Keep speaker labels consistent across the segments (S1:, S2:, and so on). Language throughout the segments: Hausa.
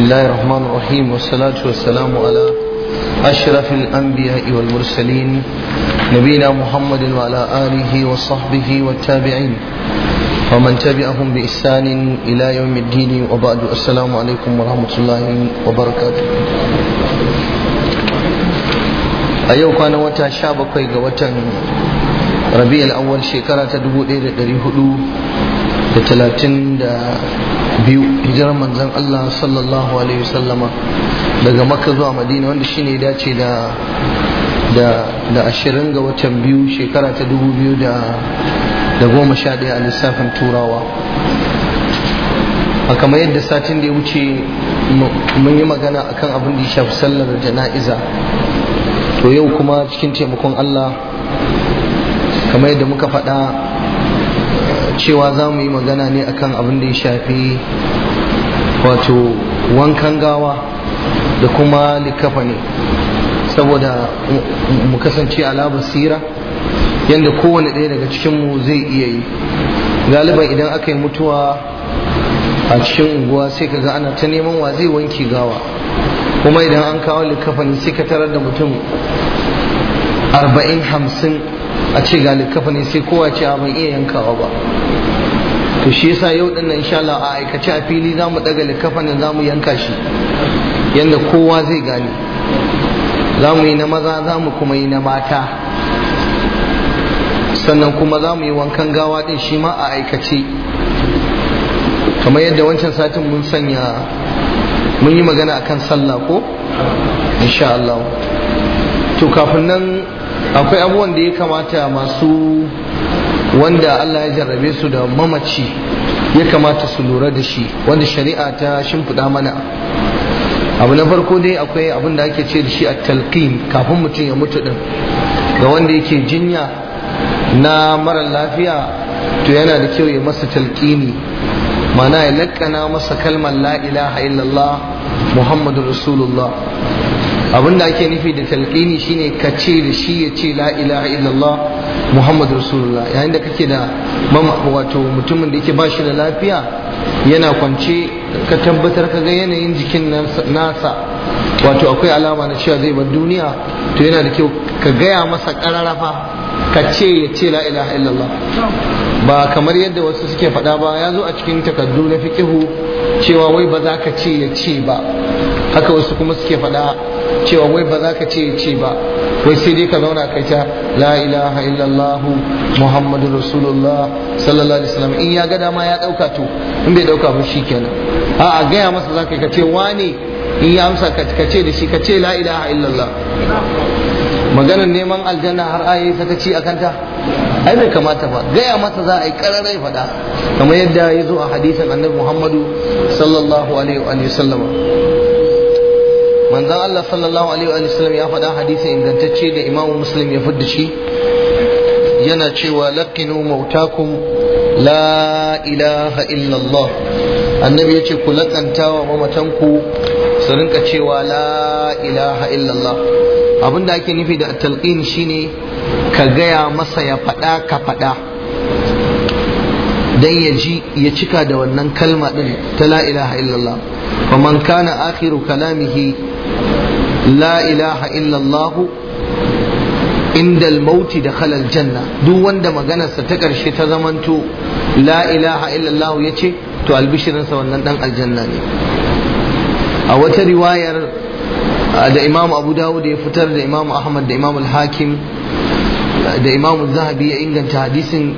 S1: الله الرحمن الرحيم والصلاة والسلام على أشرف الأنبياء والمرسلين نبينا محمد وعلى آله وصحبه والتابعين ومن تبعهم بإحسان إلى يوم الدين وبعد السلام عليكم ورحمة الله وبركاته أيوك أنا وتا شابك وتا ربيع الأول شكرا تدبو إلى دريه da talatin da biyu hijirar manzan Allah sallallahu alaihi wasallama daga maka zuwa madina wanda ne dace da da da ashirin ga watan biyu shekara ta dubu biyu da da goma sha daya a lissafin turawa a kamar yadda satin da ya wuce mun yi magana akan abin da ya shafi sallar jana'iza to yau kuma cikin taimakon Allah kamar yadda muka faɗa cewa za mu yi magana ne akan abin da ya shafi wato wankan gawa da kuma likafa ne saboda mu kasance ala basira yadda kowane ɗaya daga cikinmu zai iya yi galiban idan aka yi mutuwa a cikin unguwa sai ka ga ana ta neman wa zai wanki gawa kuma idan an kawo ne sai ka tarar da mutum arba'in hamsin a ce ga ne sai kowa ce a ban iya yankawa ba to shi yasa yau din insha Allah a aikace a fili za mu daga likkafa za mu yanka shi yanda kowa zai gane za yi na maza za kuma yi na mata sannan kuma za yi wankan gawa din shi ma a aikace kamar yadda wancan satin mun sanya mun yi magana akan sallah ko insha Allah to kafin nan akwai abubuwan da ya kamata masu wanda Allah ya jarrabe su da mamaci ya kamata su lura da shi wanda shari'a ta shimfiɗa mana abu na farko dai akwai abin da ake ce da shi a talqin kafin mutum ya mutu din ga wanda yake jinya na mara lafiya to yana da kyau ya masa talqini mana ya lakkana masa kalmar la ilaha illallah muhammadu rasulullah abin da ake nufi da talqini shine ka ce da shi ya ce la ilaha illallah muhammad rasulullah yayin da kake da wato mutumin da yake bashi da lafiya yana kwance ka tabbatar ka ga yanayin jikin nasa wato akwai alama na cewa zai bar duniya to yana da kyau ka gaya masa kararrafa ka ce ya ce la ilaha illallah ba kamar yadda wasu suke faɗa ba ya zo a cikin takardu na fiƙihu cewa wai ba za ka ce ya ce ba haka wasu kuma suke faɗa cewa wai ba za ka ce ce ba wai sai dai ka zauna kai ta la ilaha illallah muhammadu rasulullah sallallahu alaihi wasallam in ya ga dama ya dauka to in bai dauka ba shikenan a a gaya masa zaka ka ce wane in ya amsa ka ce da shi ka ce la ilaha illallah maganar neman aljanna har ayi ta ci akanta ai bai kamata ba gaya masa za a yi kararai faɗa kamar yadda ya zo a hadisin annabi muhammadu sallallahu alaihi wa sallama manzon Allah sallallahu alaihi wa sallam ya faɗa hadisi ingantacce da imamu muslim ya fudda shi yana cewa laqinu mautakum la ilaha illallah annabi ya ce ku lakanta wa mamatanku su rinka cewa la ilaha illallah abinda ake nufi da talqin shine ka gaya masa ya faɗa ka faɗa dan ya ji ya cika da wannan kalma din ta la ilaha illallah wa man kana akhiru kalamihi la ilaha illallah indal mauti da khalal janna duk wanda maganarsa ta karshe ta zamanto la ilaha illallah ya ce to albishirinsa wannan dan aljanna ne a wata riwayar da imam abu dawud ya fitar da imam ahmad da imam al-hakim da imam zahabi ya inganta hadisin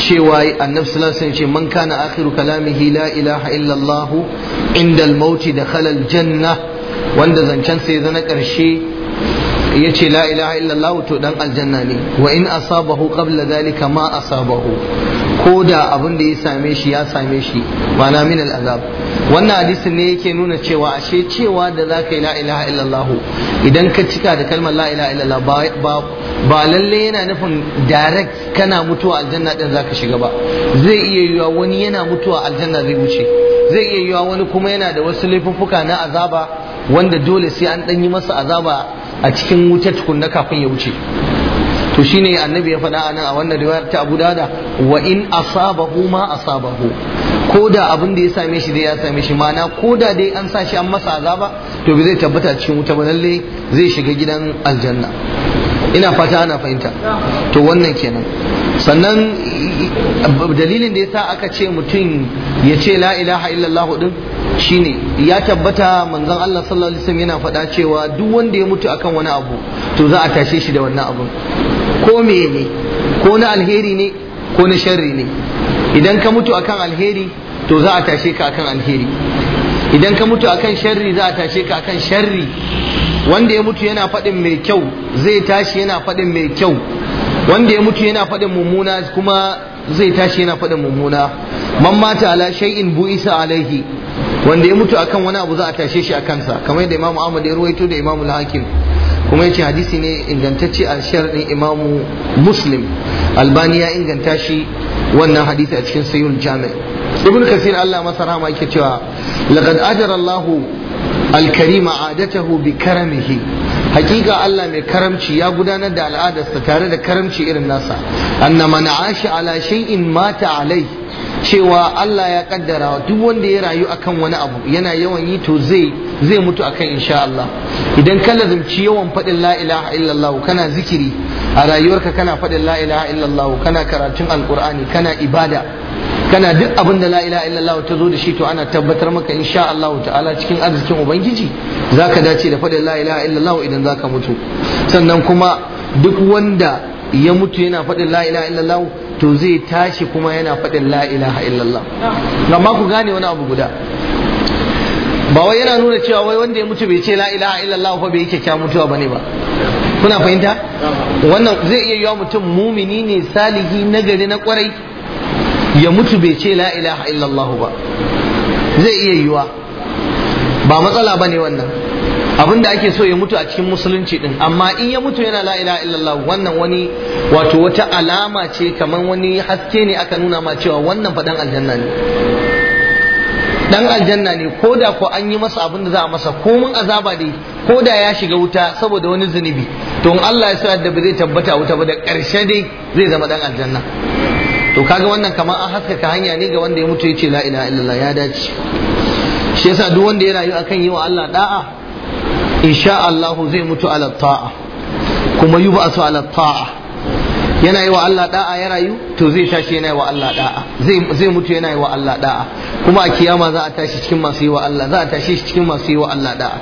S1: cewa annabi sallallahu alaihi ce man kana akhiru kalamihi la ilaha illallah indal mauti da khalal janna wanda zancen sai zana ƙarshe ya ce la ilaha illallah to dan aljanna ne wa in asabahu qabla dhalika ma asabahu ko da abin da ya same shi ya same shi mana min azab. wannan hadisin ne yake nuna cewa ashe cewa da zaka yi la ilaha illallah idan ka cika da kalmar la ilaha illallah ba ba lalle yana nufin direct kana mutuwa aljanna din zaka shiga ba zai iya yiwa wani yana mutuwa aljanna zai wuce zai iya yiwa wani kuma yana da wasu laifuffuka na azaba wanda dole sai an ɗanyi masa azaba a cikin wuta tukunna kafin ya wuce to shine annabi ya faɗa anan a wannan riwayar ta Abu Dada wa in asabahu ma asabahu ko da abin da ya same shi dai ya same shi mana ko da dai an sa shi an masa azaba to bai zai tabbata cikin wuta ba lalle zai shiga gidan aljanna ina fata ana fahimta to wannan kenan sannan dalilin da ya sa aka ce mutum ya ce la ilaha illallah din shine ya tabbata manzon Allah sallallahu alaihi wasallam yana faɗa cewa duk wanda ya mutu akan wani abu to za a tashe shi da wannan abun ko me ne ko na alheri ne ko na sharri ne idan ka mutu akan alheri to za a tashe ka akan alheri idan ka mutu akan sharri za a tashe ka akan sharri wanda ya mutu yana faɗin mai kyau zai tashi yana faɗin mai kyau wanda ya mutu yana faɗin mummuna kuma zai tashi yana faɗin mummuna man mata ala shay'in bu'isa alaihi wanda ya mutu akan wani abu za a tashe shi a kansa kamar yadda imamu ahmad ya ruwaito da imamu hakim kuma yace hadisi ne ingantacce a sharadin imamu muslim albani ya inganta shi wannan hadisi a cikin sayyul jami ibn kasir allah masa rahama yake cewa laqad ajara allah alkarima adatahu bi karamihi hakika Allah mai karamci ya gudanar da al'adarsa tare da karamci irin nasa anna man ashi ala shay'in mata alai cewa Allah ya kaddara duk wanda ya rayu akan wani abu yana yawan yi to zai zai mutu akan insha Allah idan ka lazimci yawan faɗin la ilaha illallah kana zikiri a rayuwarka kana faɗin la ilaha illallah kana karatun alqur'ani kana ibada kana duk abin da la ilaha illallah ta zo da shi to ana tabbatar maka insha Allah ta'ala cikin arzikin ubangiji zaka dace da faɗin la ilaha illallah idan zaka mutu sannan kuma duk wanda ya mutu yana faɗin la ilaha illallah to zai tashi kuma yana faɗin la ilaha illallah amma ku gane wani abu guda ba wai yana nuna cewa wai wanda ya mutu bai ce la ilaha illallah fa bai yake kya mutuwa bane ba kuna fahimta wannan zai iya yiwa mutum mumini ne salihi nagari na kwarai ya mutu bai ce la ilaha illallah ba zai iya yiwa ba matsala ba ne wannan abin da ake so ya mutu a cikin musulunci din amma in ya mutu yana la ilaha illallah wannan wani wato wata alama ce kamar wani haske ne aka nuna ma cewa wannan fa faɗan aljanna ne dan aljanna ne ko da ko an yi masa abin da za a masa komin azaba dai ko da ya shiga wuta saboda wani zunubi to in Allah ya sa da ba zai tabbata wuta ba da ƙarshe dai zai zama dan aljanna to kaga wannan kamar an haskaka hanya ne ga wanda ya mutu yace la ilaha illallah ya dace shi yasa duk wanda ya rayu akan yi wa Allah da'a insha Allah zai mutu ala ta'a kuma yub'asu ala ta'a yana yi wa Allah da'a ya rayu to zai tashi yana yi wa Allah da'a zai zai mutu yana yi wa Allah da'a kuma a kiyama za a tashi cikin masu yi wa Allah za a tashi cikin masu yi wa Allah da'a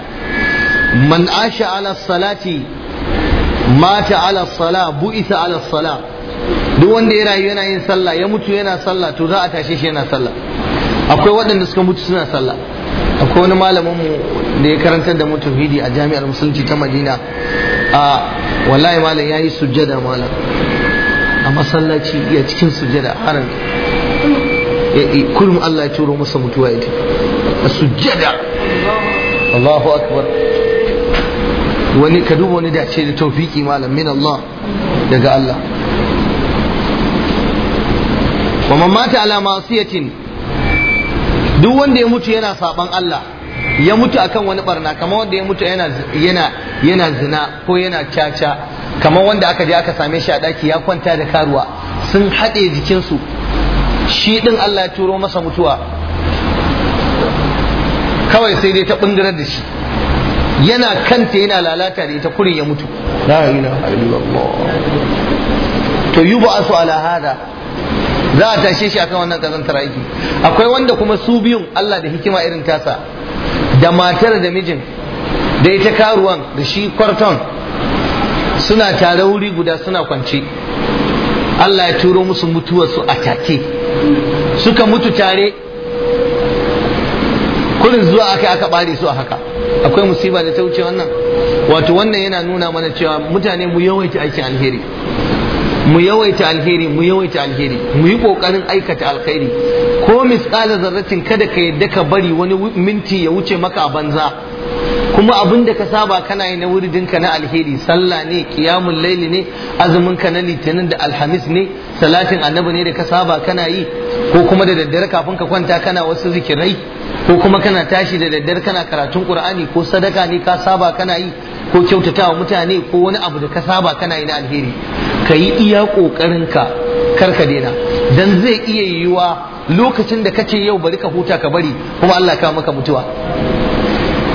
S1: man asha ala salati mata ala sala bu'isa ala sala duk wanda ya rayu yana yin sallah ya mutu yana sallah to za a tashe shi yana sallah akwai waɗanda suka mutu suna sallah akwai wani malamin mu da ya karantar da mu tauhidi a jami'ar musulunci ta Madina a wallahi malam yayi sujjada malam a masallaci ya cikin sujjada haram kullum Allah ya turo masa mutuwa ita a sujjada Allahu akbar wani ka duba wani dace da tawfiki malam min Allah daga Allah wa mata ala masiyatin duk wanda ya mutu yana saban Allah ya mutu akan wani barna kamar wanda ya mutu yana zina ko yana caca kamar wanda aka je aka same shi a daki ya kwanta da karuwa sun haɗe jikinsu shi ɗin Allah ya turo masa mutuwa kawai sai dai ta ɓungirar da shi yana kanta yana lalata da ita kurin ya mutu la to yuba asu ala hada za a tashe shi akan wannan kazantar aiki akwai wanda kuma su biyun Allah da hikima irin tasa da matar da mijin da ita karuwan da shi kwarton suna tare wuri guda suna kwance Allah ya turo musu mutuwarsu a take suka mutu tare kurin zuwa aka aka bare su a haka akwai musiba da ta wuce wannan wato wannan yana nuna mana cewa mutane mu yawaita aikin alheri mu yawaita alheri mu yawaita alheri mu yi kokarin aikata alheri ko misqala zarratin kada ka yadda ka bari wani minti ya wuce maka a banza kuma abin da ka saba kana yi na wuridinka na alheri sallah ne kiyamun laili ne azumin ka na litinin da alhamis ne salatin annabi ne da ka saba kana yi ko kuma da daddare kafin ka kwanta kana wasu zikirai ko kuma kana tashi da daddare kana karatun qur'ani ko sadaka ne ka saba kana yi ko kyautatawa mutane ko wani abu da ka saba kana yi na alheri ka yi iya ƙoƙarinka kar ka daina dan zai iya yiwuwa lokacin da kace yau bari ka huta ka bari kuma Allah ka maka mutuwa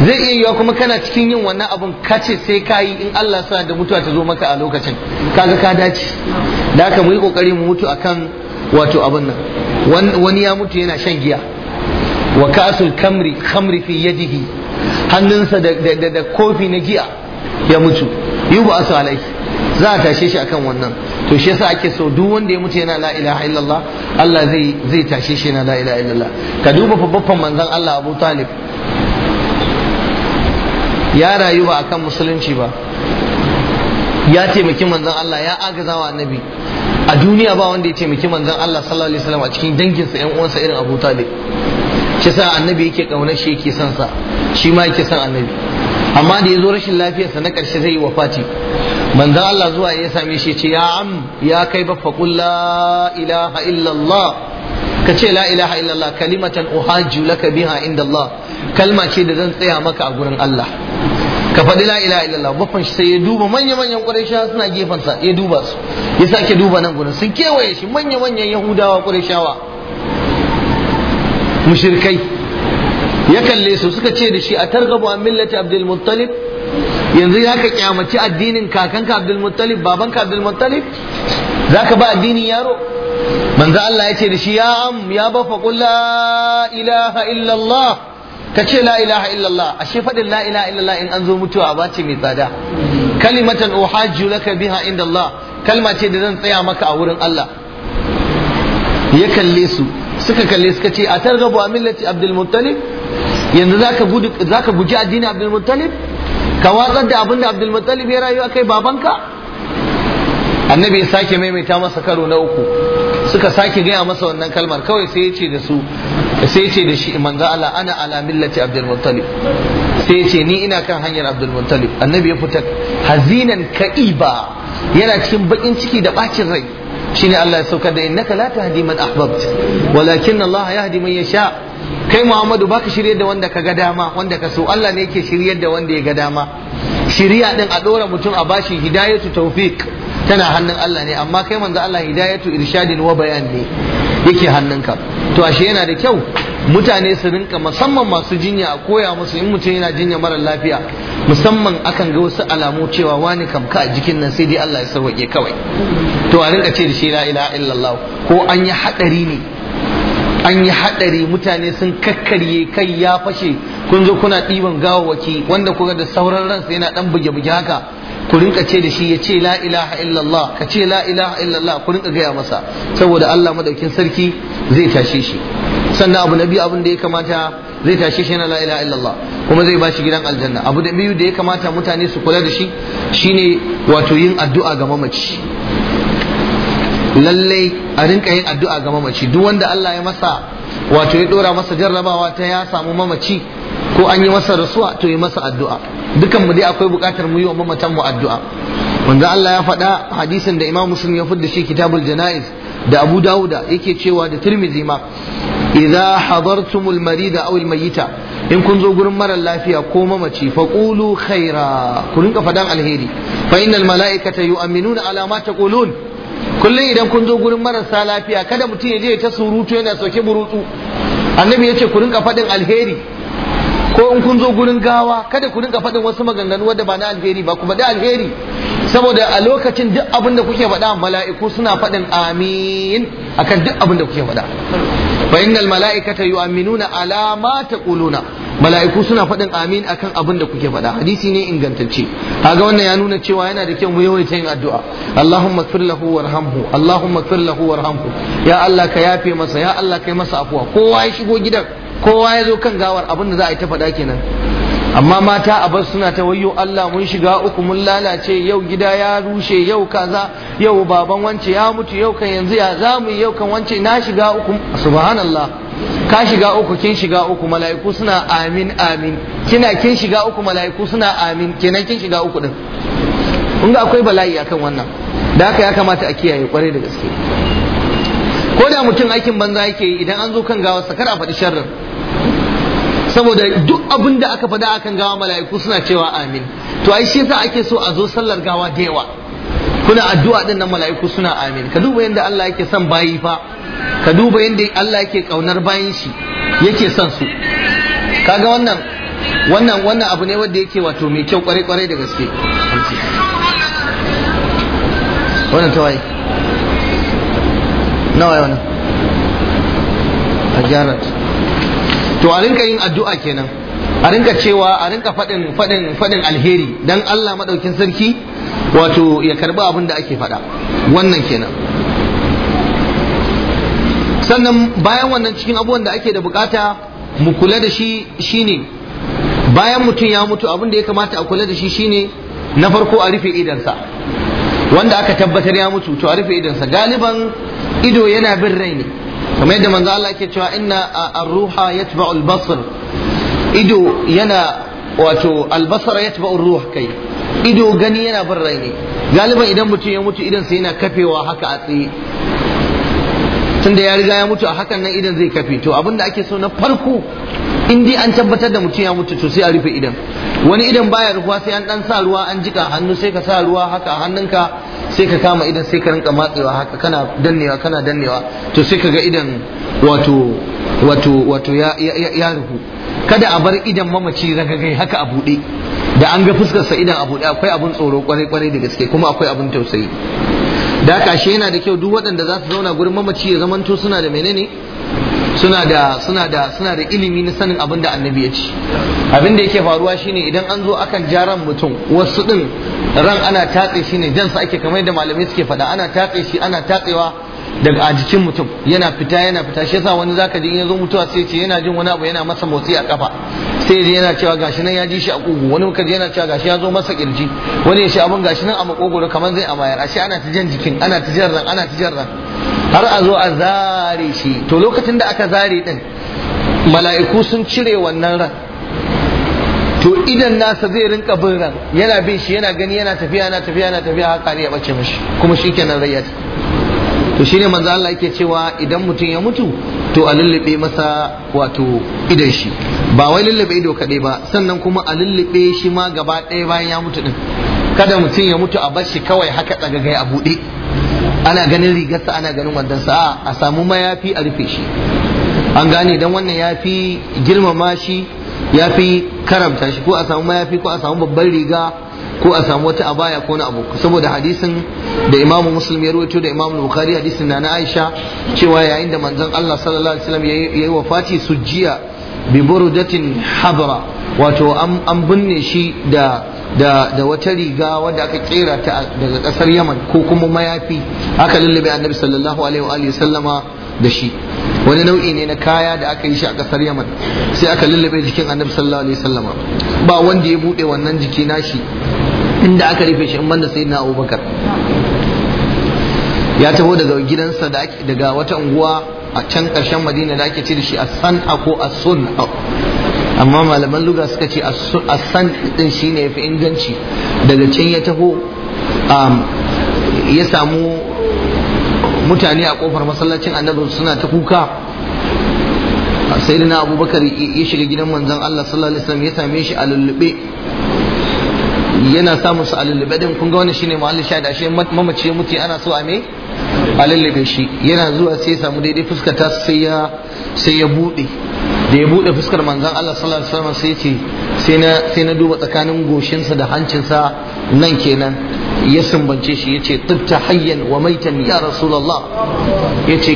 S1: zai iya yiwuwa kuma kana cikin yin wannan abun kace sai ka yi in Allah sa da mutuwa ta zo maka a lokacin kaga ka dace da haka mu yi ƙoƙari mu mutu akan wato abun nan wani ya mutu yana shan giya wa kasul kamri khamri fi yadihi hannunsa da kofi na giya ya mutu yubu asu za a tashe shi akan wannan to shi yasa ake so duk wanda ya mutu yana la ilaha illallah Allah zai zai tashe shi yana la ilaha illallah ka duba babban manzon Allah Abu Talib ya rayu ba akan musulunci ba ya taimaki manzon Allah ya agazawa annabi a duniya ba wanda ya taimaki manzon Allah sallallahu alaihi wasallam a cikin danginsa ƴan uwansa irin Abu Talib shi sa annabi yake kaunar shi yake son sa shi ma yake son annabi amma da ya zo rashin lafiyarsa na ƙarshe zai yi wafati manzan Allah zuwa ya same shi ce ya am ya kai ba qul la ilaha illallah ka ce la ilaha illallah kalimatan uhajju laka biha inda Allah kalma ce da zan tsaya maka a gurin Allah ka faɗi la ilaha illallah baffan shi sai ya duba manya manyan qurayshawa suna gefen sa ya duba su ya sake duba nan gurin sun kewaye shi manya manyan yahudawa shawa mushirkai ya kalle su suka ce da shi a targabu an millati abdul muttalib yanzu za ka kyamaci addinin kakanka abdulmuttalib babanka abdulmuttalib za ka ba addinin yaro manzo Allah ya ce da shi ya am ya bafa qul la ilaha illallah ka ce la ilaha illallah ashe faɗin la ilaha illallah in an zo mutuwa ba ce mai tsada kalimatan uhajju laka biha inda Allah kalma ce da zan tsaya maka a wurin Allah ya kalle su suka kalle suka ce a targabu a millati abdul yanzu zaka guji addinin abdul ka watsar da abin da Abdul ya rayu akai babanka annabi ya sake maimaita masa karo na uku suka sake gaya masa wannan kalmar kawai sai ya ce da su sai ya ce da shi manzo Allah ana ala millati Abdul sai ya ce ni ina kan hanyar Abdul annabi ya fita hazinan ka'iba yana cikin bakin ciki da bacin rai shine Allah ya saukar da innaka la tahdi man ahbabt walakin Allah yahdi man yasha kai Muhammadu baka shiryar da wanda ka ga dama wanda ka so Allah ne yake shiryar da wanda ya ga dama Shirya din a dora mutum a bashi hidayatu tawfiq tana hannun Allah ne amma kai manzo Allah hidayatu irshadin wa bayan ne yake ka. to ashe yana da kyau mutane su rinka musamman masu jinya a koya musu in mutum yana jinya mara lafiya musamman akan ga wasu alamu cewa wani kamka a jikin nan sai dai Allah ya sauke kawai to a rinka ce da shi la ilaha illallah ko an yi hadari ne an yi hadari mutane sun kakkarye kai ya fashe kun zo kuna ɗiban waki wanda kuka da sauran ransa yana ɗan buge-buge haka ku rinka ce da shi ya ce la ilaha illallah ka ce la ilaha illallah ku rinka gaya masa saboda Allah madaukin sarki zai tashe shi sannan abu na biyu abin da ya kamata zai tashe shi yana la ilaha illallah kuma zai bashi gidan aljanna abu da biyu da ya kamata mutane su kula da shi shine wato yin addu'a ga mamaci lallai a rinka yin addu'a ga mamaci duk wanda Allah ya masa wato ya dora masa jarrabawa ta ya samu mamaci ko an yi masa rasuwa to yi masa addu'a dukan mu dai akwai bukatar mu yi wa mamatan mu addu'a Wanda Allah ya faɗa hadisin da Imam Muslim ya fidda shi kitabul janaiz da Abu Dawuda yake cewa da Tirmidhi ma idza hadartumul marida aw al mayyita in kun zo gurin marar lafiya ko mamaci faqulu khaira ku rinka faɗan alheri fa innal malaikata yu'minuna ala ma taqulun kullum idan kun zo gurin marasa lafiya kada mutum ya je ta surutu yana soke burutu. annabi ya ce ku rinka faɗin alheri ko in kun zo gurin gawa kada ku rinka faɗin wasu maganganu wadda ba na alheri ba ku faɗi alheri saboda a lokacin duk abin da kuke faɗa mala'iku suna faɗin amin akan duk abin da kuke faɗa fa innal mala'ikata yu'minuna ala ma taquluna mala'iku suna faɗin amin akan abin da kuke faɗa hadisi ne ingantacce kaga wannan ya nuna cewa yana da kyau mu yawaita yin addu'a Allahumma ighfir lahu warhamhu Allahumma ighfir lahu warhamhu ya Allah ka yafe masa ya Allah kai masa afuwa kowa ya shigo gidan kowa ya zo kan gawar abin da za a yi ta faɗa kenan amma mata a bar suna ta wayo Allah mun shiga uku mun lalace yau gida ya rushe yau kaza yau baban wance ya mutu yau kan yanzu ya zamu yau kan wance na shiga uku subhanallah ka shiga uku kin shiga uku mala'iku suna amin amin kina kin shiga uku mala'iku suna amin kenan kin shiga uku din kun ga akwai bala'i akan wannan da haka ya kamata a kiyaye kwarai da gaske ko da mutum aikin banza yake yi idan an zo kan gawa sakar a faɗi sharrin saboda duk abin da aka faɗa akan gawa mala'iku suna cewa amin to ai shi yasa ake so a zo sallar gawa da yawa kuna addu'a din nan mala'iku suna amin ka duba yadda Allah yake son bayi fa ka duba yadda Allah yake kaunar bayan shi yake son su kaga wannan wannan wannan abu ne wanda yake wato mai kyau kwarai kwarai da gaske wannan tawaye nawa ya wannan a gyara. to a rinka yin addu'a kenan a rinka cewa a rinka faɗin faɗin faɗin alheri dan Allah madaukin sarki wato ya karba abin da ake faɗa wannan kenan sannan bayan wannan cikin abubuwan da ake da bukata mu kula da shi shine bayan mutum ya mutu abin da ya kamata a kula da shi shine na farko a rufe idansa wanda aka tabbatar ya mutu to a rufe idansa galiban ido yana bin rai ne kamar yadda manzo Allah yake cewa inna ar-ruha yatba'u al-basr ido yana wato al-basr yatba'u ar-ruh kai ido gani yana bin rai ne galiban idan mutum ya mutu idan yana kafewa haka a tsaye tun da ya riga ya mutu a hakan nan idan zai kafi to abinda ake so na farko indi an tabbatar da mutum ya mutu to sai a rufe idan wani idan baya rufuwa sai an dan sa ruwa an jika hannu sai ka sa ruwa haka hannunka sai ka kama idan sai ka rinka matsewa haka kana dannewa kana dannewa to sai ka ga idan wato wato wato ya ya, rufu kada a bar idan mamaci ragagai haka a buɗe da an ga fuskarsa idan a buɗe akwai abun tsoro kwarai kwarai da gaske kuma akwai abun tausayi da haka shi yana da kyau duk waɗanda za su zauna gurin mamaci ya zamanto suna da menene suna da suna da suna da ilimi na sanin abin da annabi ya ce abin da yake faruwa shine idan an zo akan jaran mutum wasu din ran ana tatse shi ne jansa ake kamar da malamai suke faɗa ana tatse shi ana tatsewa daga a jikin mutum yana fita yana fita shi yasa wani zaka ji in yazo mutuwa sai ce yana jin wani abu yana masa motsi a kafa sai ji yana cewa gashi nan ya ji shi a kugu wani muka ji yana cewa gashi ya zo masa kirji wani ya shi abun gashi nan a makogoro kamar zai amayar ashe ana ta jan jikin ana ta jan ran ana ta jan ran har a zo a zare shi to lokacin da aka zare din mala'iku sun cire wannan ran to idan nasa zai rinka bin ran yana bin shi yana gani yana tafiya yana tafiya yana tafiya har ya bace mishi kuma shikenan kenan ya to shine manzo Allah yake cewa idan mutum ya mutu to a lullube masa wato idan shi ba wai lullube ido kaɗai ba sannan kuma a lullube shi ma gaba ɗaya bayan ya mutu din kada mutum ya mutu a bar shi kawai haka tsagagai a buɗe ana ganin rigarsa ana ganin wandansa a samu mayafi a rufe shi an gane dan wannan yafi girmama shi yafi karamta shi ko a samu mayafi ko a samu babban riga ko a samu wata abaya ko na abu saboda hadisin da Imam Muslim ya rawaito da Imam Bukhari hadisin na na Aisha cewa yayin da manzon Allah sallallahu alaihi wasallam yayi wafati sujjiya bi burdatin habra wato an binne shi da wata riga wadda aka kera ta daga kasar Yaman ko kuma mayafi aka lullube Annabi sallallahu alaihi wa da shi wani nau'i ne na kaya da aka yi shi a kasar Yaman sai aka lullube jikin Annabi sallallahu alaihi wasallama ba wanda ya bude wannan jiki nashi inda aka rufe shi in banda sai abubakar ya taho daga gidansa daga wata unguwa a can ƙarshen madina da ake ce da shi a san'a ko a sun amma malaman luga suka ce a san din shi ne ya fi inganci daga can ya taho um, ya samu mutane a kofar masallacin annabi suna ta kuka sayyidina abubakar ya shiga gidan manzon Allah sallallahu alaihi wasallam ya same shi a lullube yana samun su a lullube din kun ga wani shine muhallin sha da ashe mamaci ya mutu ana so a me a lullube shi yana zuwa sai samu daidai fuskar ta sai ya sai ya bude da ya bude fuskar manzon Allah sallallahu alaihi sai ce na sai na duba tsakanin goshinsa da hancinsa nan kenan ya sumbance shi yace tibta hayyan wa maitan ya rasulullah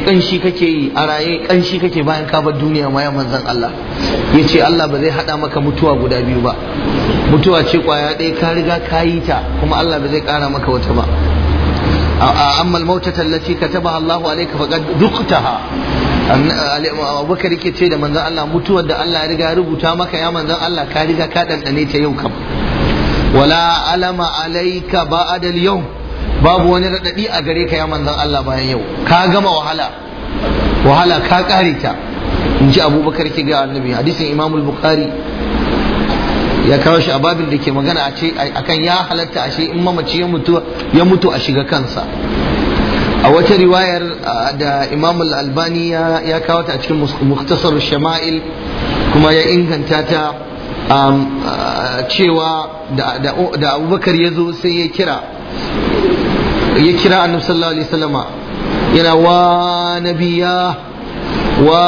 S1: kanshi kake yi a raye kanshi kake bayan ka bar duniya ma ya manzan Allah yace Allah ba zai hada maka mutuwa guda biyu ba mutuwa ce kwaya ɗaya ka riga ka yi ta kuma Allah ba zai kara maka wata ba amma almautata allati katabaha Allahu alayka faqad duqtaha abubakar yake ce da manzon Allah mutuwar da Allah ya riga rubuta maka ya manzan Allah ka riga ka ɗanɗane ta yau kam wala alama alaika ba'da al-yawm babu wani raɗaɗi a gare ka ya manzan Allah bayan yau ka gama wahala wahala ka kare ta in ji abubakar ki ga annabi hadisin imamul bukhari ya kawo shi a babin da ke magana a ce akan ya halatta ashe in mamaci ya mutu ya mutu a shiga kansa a wata riwayar da imam al-albani ya kawo ta a cikin muktasar shama'il kuma ya inganta ta Um, uh, cewa da abubakar ya zo sai ya kira ya kira annabi sallallahu alaihi wasallama yana wa nabiya wa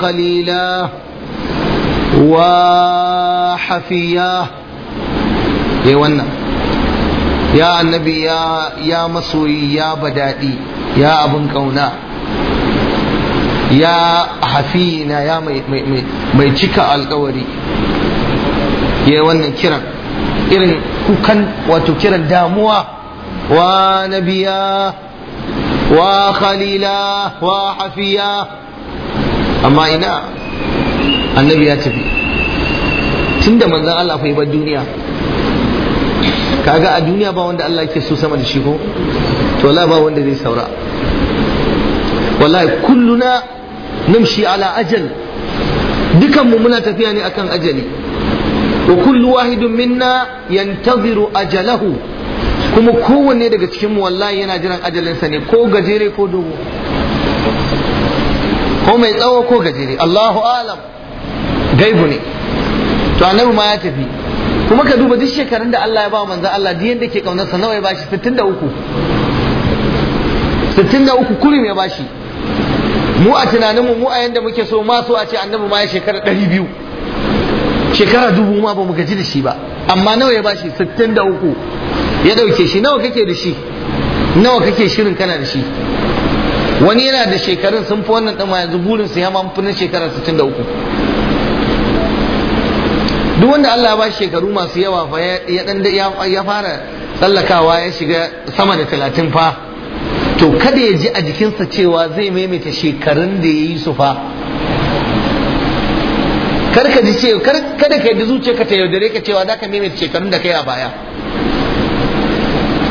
S1: khalila wa hafiya ya wannan ya annabi ya masoyi ya badadi ya abin kauna ya hafina ya mai cika alkawari ya wannan kiran irin kukan wato kiran damuwa wa nabiya wa khalila wa hafiya amma ina annabi ya tafi tunda manzan Allah fa bar duniya kaga a duniya ba wanda Allah ke so sama da shi ko to la ba wanda zai saura wallahi kulluna نمشي ala ajal dukanmu muna tafiya ne akan ajali واحد منا ينتظر أجله yantaziru ajalahu kuma kowanne daga cikin أجل wallahi yana jiran ajalinsa ne ko gajere ko dogo ko mai tsawo ko gajere Allahu alam to annabi ma ya tafi kuma ka duba duk shekarun da Allah ya ba manzo Allah duk yanda ke kaunarsa nawa ya bashi 63 63 kullum ya bashi mu a tunaninmu mu a yanda muke so ma so a ce annabi ma ya shekara ɗari biyu shekara dubu ma ba mu gaji da shi ba amma nawa ya bashi sittin da uku ya ɗauke shi nawa kake da shi nawa kake shirin kana da shi wani yana da shekarun sun fi wannan ɗin yanzu burin su ya ma fi shekara sittin da uku duk wanda Allah ba shekaru masu yawa fa ya ya fara tsallakawa ya shiga sama da talatin fa to kada ya ji a jikinsa cewa zai maimaita shekarun da ya yi su fa karka ji ce kada ka yi ka ta yaudare ka cewa za ka maimaita shekarun da kai a baya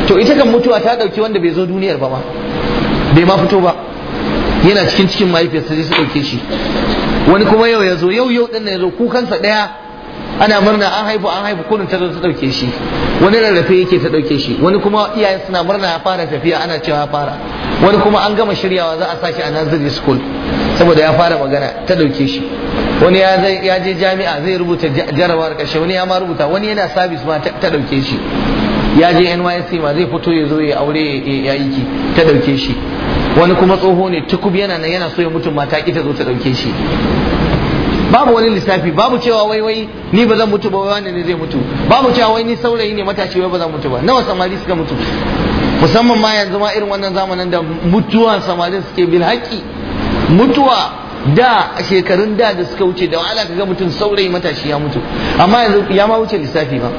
S1: to ita kan mutuwa ta dauki wanda bai zo duniyar ba ma bai ma fito ba yana cikin cikin mahaifiyarsa sai su dauke shi wani kuma yau ya zo yau yau din ya zo kukansa daya ana murna an haifu an haifu kurin ta zo ta dauke shi wani rarrafe yake ta dauke shi wani kuma iyayen suna murna ya fara tafiya ana cewa fara wani kuma an gama shiryawa za a sake a nursery school saboda ya fara magana ta dauke shi wani ya je jami'a zai rubuta jarabawar kashe wani ya ma rubuta wani yana sabis ma ta dauke shi ya je NYSC ma zai fito ya zo ya aure ya yi ta dauke shi wani kuma tsoho ne tukub yana nan yana so ya mutum mata ki ta zo ta dauke shi babu wani lissafi babu cewa wai wai ni ba zan mutu ba wai wani ne zai mutu babu cewa wai ni saurayi ne matashi wai ba zan mutu ba nawa samari suka mutu musamman ma yanzu ma irin wannan zamanin da mutuwa samari suke bil haƙi mutuwa da shekarun da da suka wuce da wala kaga mutum saurayi matashi ya mutu amma yanzu ya ma wuce lissafi ba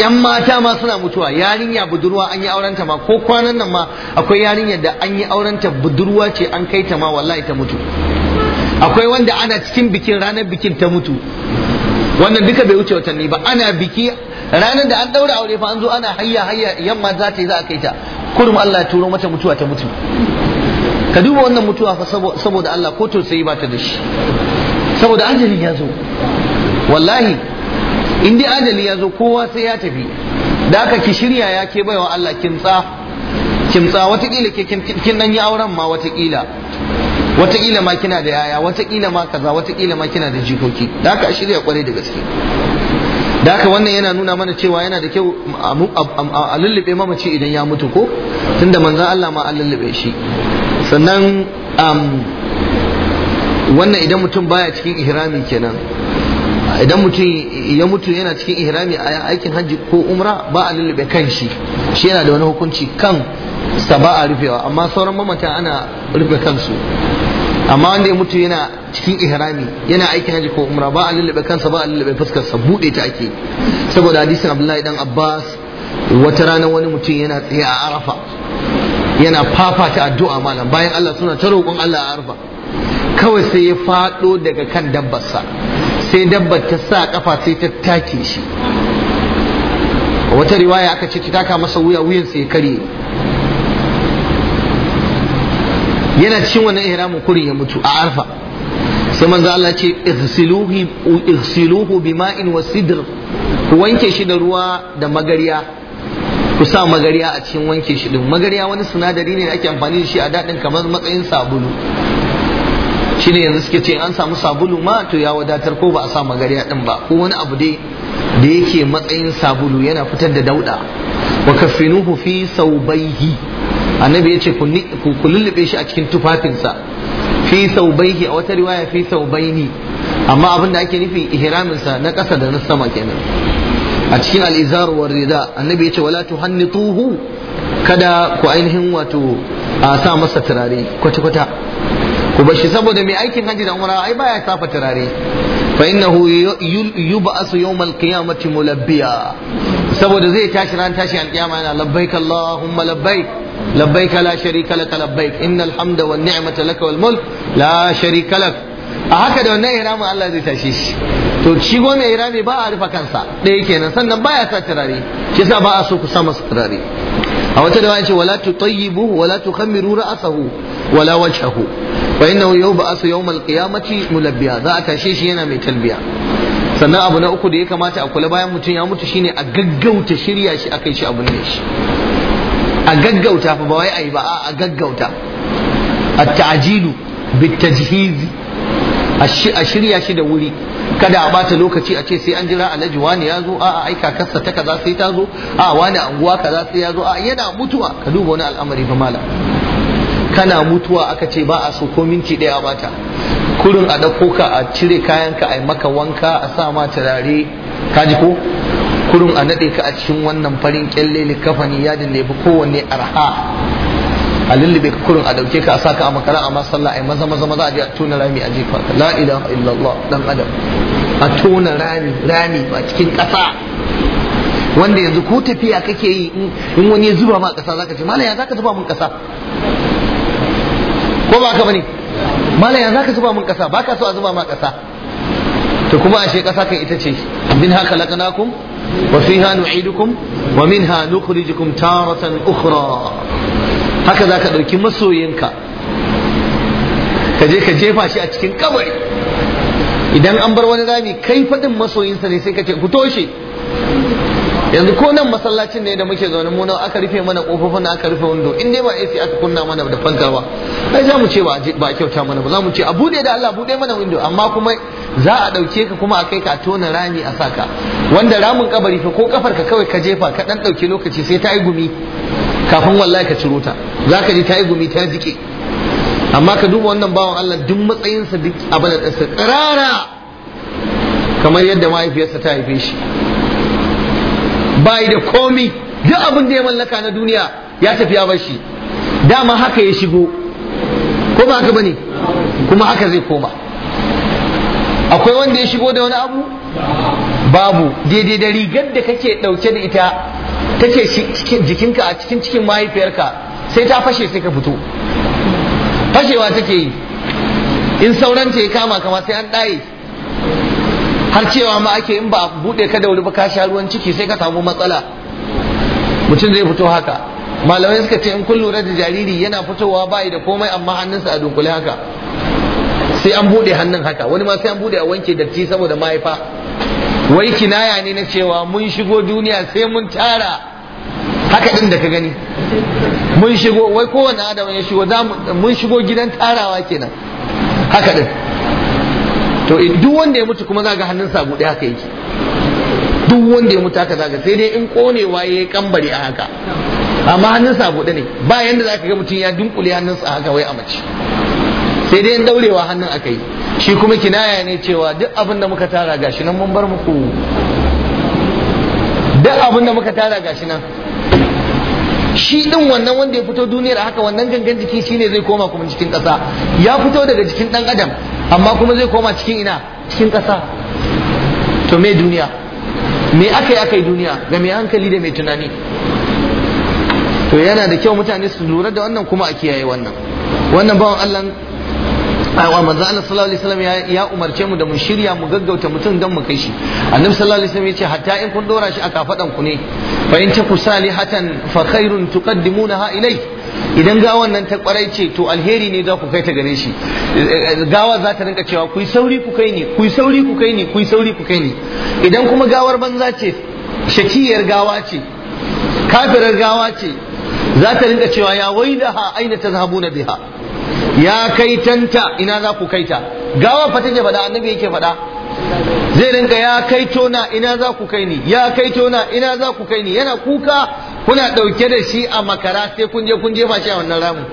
S1: yan mata ma suna mutuwa yarinya budurwa an yi aurenta ma ko kwanan nan ma akwai yarinya da an yi aurenta budurwa ce an kai ta ma wallahi ta mutu akwai wanda ana cikin bikin ranar bikin ta mutu wannan duka bai wuce watanni ba ana biki ranar da an daura aure fa an zo ana hayya hayya yamma za ta yi za a kai ta kurum Allah ya turo mata mutuwa ta mutu ka duba wannan mutuwa fa saboda Allah ko tausayi ba ta da shi saboda ajali ya zo wallahi in dai ajali ya zo kowa sai ya tafi da aka ki shirya ya ke baiwa Allah kimtsa kimtsa watakila ke kin dan yi auren ma watakila wataƙila ma kina da yaya wataƙila ma kaza wataƙila ma kina da jikoki da haka a shirya kwarai da gaske da haka wannan yana nuna mana cewa yana da kyau a lullube mamaci idan ya mutu ko tunda manzan Allah ma a lullube shi sannan wannan idan mutum baya cikin ihrami kenan idan mutum ya mutu yana cikin ihrami a aikin hajji ko umra ba a lullube kan shi shi yana da wani hukunci kan sa ba a rufewa amma sauran mamata ana rufe kansu amma wanda ya mutu yana cikin ihrami yana aikin haji ko umra ba a lullube kansa ba a lullube fuskarsa bude ta ake saboda hadisin abdullahi dan abbas wata rana wani mutum yana tsaye a arafa yana fafata addu'a malam bayan Allah suna ta roƙon Allah a arafa kawai sai ya faɗo daga kan dabbarsa sai dabbar ta sa kafa sai ta take shi wata riwaya aka ce ta taka masa wuya wuyan sai ya karye yana cin wannan ihramin kurin ya mutu a arfa sai manzo Allah ce ighsiluhu bima'in wasidr ku wanke shi da ruwa da magariya ku sa magariya a cikin wanke shi din magariya wani sinadari ne da ake amfani da shi a dadin kamar matsayin sabulu shine yanzu suke ce an samu sabulu ma to ya wadatar ko ba a sa magariya din ba ko wani abu dai da yake matsayin sabulu yana fitar da dauda wa kafinuhu fi saubaihi annabi ya ce ku lullube shi a cikin tufafinsa fi saubaihi a wata riwaya fi saubaini amma abin da ake nufi ihraminsa na ƙasa da na sama kenan a cikin al'izar wa rida annabi ya ce wala tuhannituhu kada ku ainihin wato a sa masa turare kwata-kwata ku bashi saboda mai aikin hajji da umara ai baya safa turare fa innahu yub'asu yawmal qiyamati mulabbiya saboda zai tashi ran tashi al-qiyama yana labbaik allahumma labbaik لبيك لا شريك لك لبيك إن الحمد والنعمة لك والملك لا شريك لك هكذا wannan ihramin Allah zai tashe shi to shi goma ihrami ba a rufe kansa ɗaya kenan sannan baya sa turare shi yasa ba a so ku sa masa turare a wata da ce wala buhu wala tukhammiru ra'sahu wala wajhahu fa innahu yawba'asu yawmal qiyamati mulabbiya za a tashe shi yana mai talbiya sannan abu na uku da ya kamata a kula bayan mutum ya mutu shine a gaggauta shirya shi akai shi abun ne shi a gaggauta fa ba wai ayi ba a gaggauta at-ta'jilu bit-tajhiz a shirya shi da wuri kada a bata lokaci a ce sai an jira alhaji wani ya zo a'a aika kasa ta kaza sai ta zo a'a wani anguwa kaza sai ya zo a'a yana mutuwa ka duba wani al'amari fa malam kana mutuwa aka ce ba a so ko minti daya bata kurin a dauko ka a cire kayan ka yi maka wanka a sa ma turare ka ji ko kurun a nade ka a cikin wannan farin kyalle likafani yadin da ya fi kowanne arha a lullube ka kurun a dauke ka a saka a makara a masalla a maza maza maza a je a tona rami a jefa ka la ilaha illallah dan adam a tona rami rami ba cikin ƙasa wanda yanzu ko tafiya kake yi in wani ya zuba ma ƙasa zaka ce malam ya zaka zuba mun ƙasa ko ba ka bane malam ya zaka zuba mun ƙasa baka so a zuba ma ƙasa to kuma ashe ƙasa kan ita ce bin haka laqanakum وفيها نعيدكم ومنها نخرجكم تارة أخرى هكذا كذا مسوينك سوينك ka jefa shi a cikin idan an bar wani rami kai fadin masoyinsa ne sai ka ce fito shi yanzu ko nan masallacin ne da muke zaune mu aka rufe mana kofofin aka rufe wando in dai ba AC aka kunna mana da fanka ba za mu ce ba a kyauta mana ba za mu ce a bude da Allah bude mana windo amma kuma za a ɗauke ka kuma a kai ka tona rami a saka wanda ramin kabari fa ko kafar ka kawai ka jefa ka ɗan ɗauki lokaci sai ta yi gumi kafin wallahi ka ciro ta za ka ji ta yi gumi ta jike amma ka duba wannan bawan Allah duk matsayinsa duk abin da tsirara kamar yadda mahaifiyarsa ta haife shi bai da komi duk abin da ya mallaka na duniya ya tafi ya bar shi dama haka ya shigo ko ba haka bane kuma haka zai koma akwai wanda ya shigo da wani abu babu daidai da rigar da kake ɗauke da ita take cikin jikinka a cikin cikin mahaifiyarka sai ta fashe sai ka fito fashewa take yi in sauran ce ya kama kama sai an ɗaye har cewa ma ake in ba a buɗe ka da wuri ba ka sha ruwan ciki sai ka samu matsala mutum zai fito haka malamai suka ce in kun lura da jariri yana fitowa bai da komai amma hannunsa a dunkule haka sai an bude hannun haka wani ma sai an bude a wanke datti saboda mahaifa wai kinaya ne na cewa mun shigo duniya sai mun tara haka din da ka gani mun shigo wai kowanne adam ya shigo mun shigo gidan tarawa kenan haka din to duk wanda ya mutu kuma za ga hannun sa bude haka yake duk wanda ya mutu haka za ga sai dai in konewa ya kambare a haka amma hannun sa bude ne ba yanda za ka ga mutum ya dunkule hannun sa haka wai a mace sai dai daurewa hannun aka yi shi kuma kinaya ne cewa duk abin da muka tara gashi nan mun bar muku duk abin da muka tara gashi nan shi din wannan wanda ya fito duniyar haka wannan gangan jiki shine zai koma kuma cikin ƙasa ya fito daga jikin ɗan adam amma kuma zai koma cikin ina cikin ƙasa to me duniya me aka yi aka yi duniya ga mai hankali da mai tunani to yana da kyau mutane su lura da wannan kuma a kiyaye wannan wannan bawan Allah aiwa manzo Allah sallallahu alaihi wasallam ya umarce mu da mu shirya mu gaggauta mutum dan mu kai shi annabi sallallahu alaihi wasallam ce hatta in kun dora shi a kafadan ku ne fa in taku salihatan fa khairun tuqaddimunaha ilai idan gawan nan ta kwarai ce to alheri ne za ku kai ta gare shi gawa za ta rinka cewa ku sauri ku kai ni ku sauri ku kai ni ku sauri ku kai ni idan kuma gawar banza ce shakiyar gawa ce kafirar gawa ce za ta rinka cewa ya waidaha aina tazhabuna biha ya kai tanta ina za ku kaita gawa fa take faɗa annabi yake faɗa zai rinka ya kai tona ina za ku kai ni ya kai tona ina za ku kai ni yana kuka kuna ɗauke da shi a makara sai kun je kun jefa shi a wannan ramu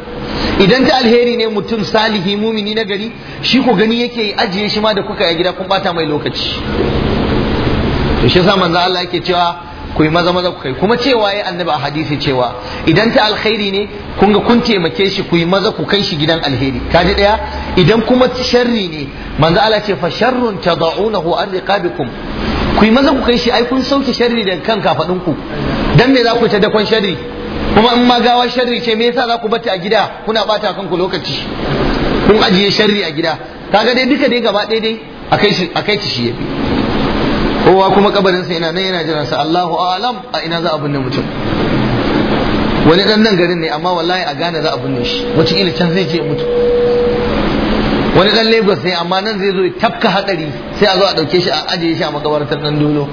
S1: idan ta alheri ne mutum salihi mumini na gari shi ku gani yake ajiye shi ma da kuka ya gida kun bata mai lokaci to shi sa manzo Allah yake cewa ku yi maza maza ku kai kuma cewa ya annabi a hadisi cewa idan ta alkhairi ne kun ga kun taimake shi ku yi maza ku kai shi gidan alheri Ka ji daya idan kuma sharri ne manzo Allah ce fa sharrun tad'unahu an riqabikum ku yi maza ku kai shi ai kun sauke sharri da kan kafadin ku dan me za ku ta dakon sharri kuma in ma gawa sharri ce me yasa za ku bata a gida kuna bata kanku lokaci kun ajiye sharri a gida kaga dai duka dai gaba ɗaya dai akai shi akai shi yabi kowa kuma sa yana nan yana jiran sa Allahu a'lam a ina za a binne mutum wani dan nan garin ne amma wallahi a Ghana za a binne shi wace ila can zai je mutu wani dan Lagos ne amma nan zai zo ya tafka hatsari sai a zo a dauke shi a ajiye shi a makabartar dan dolo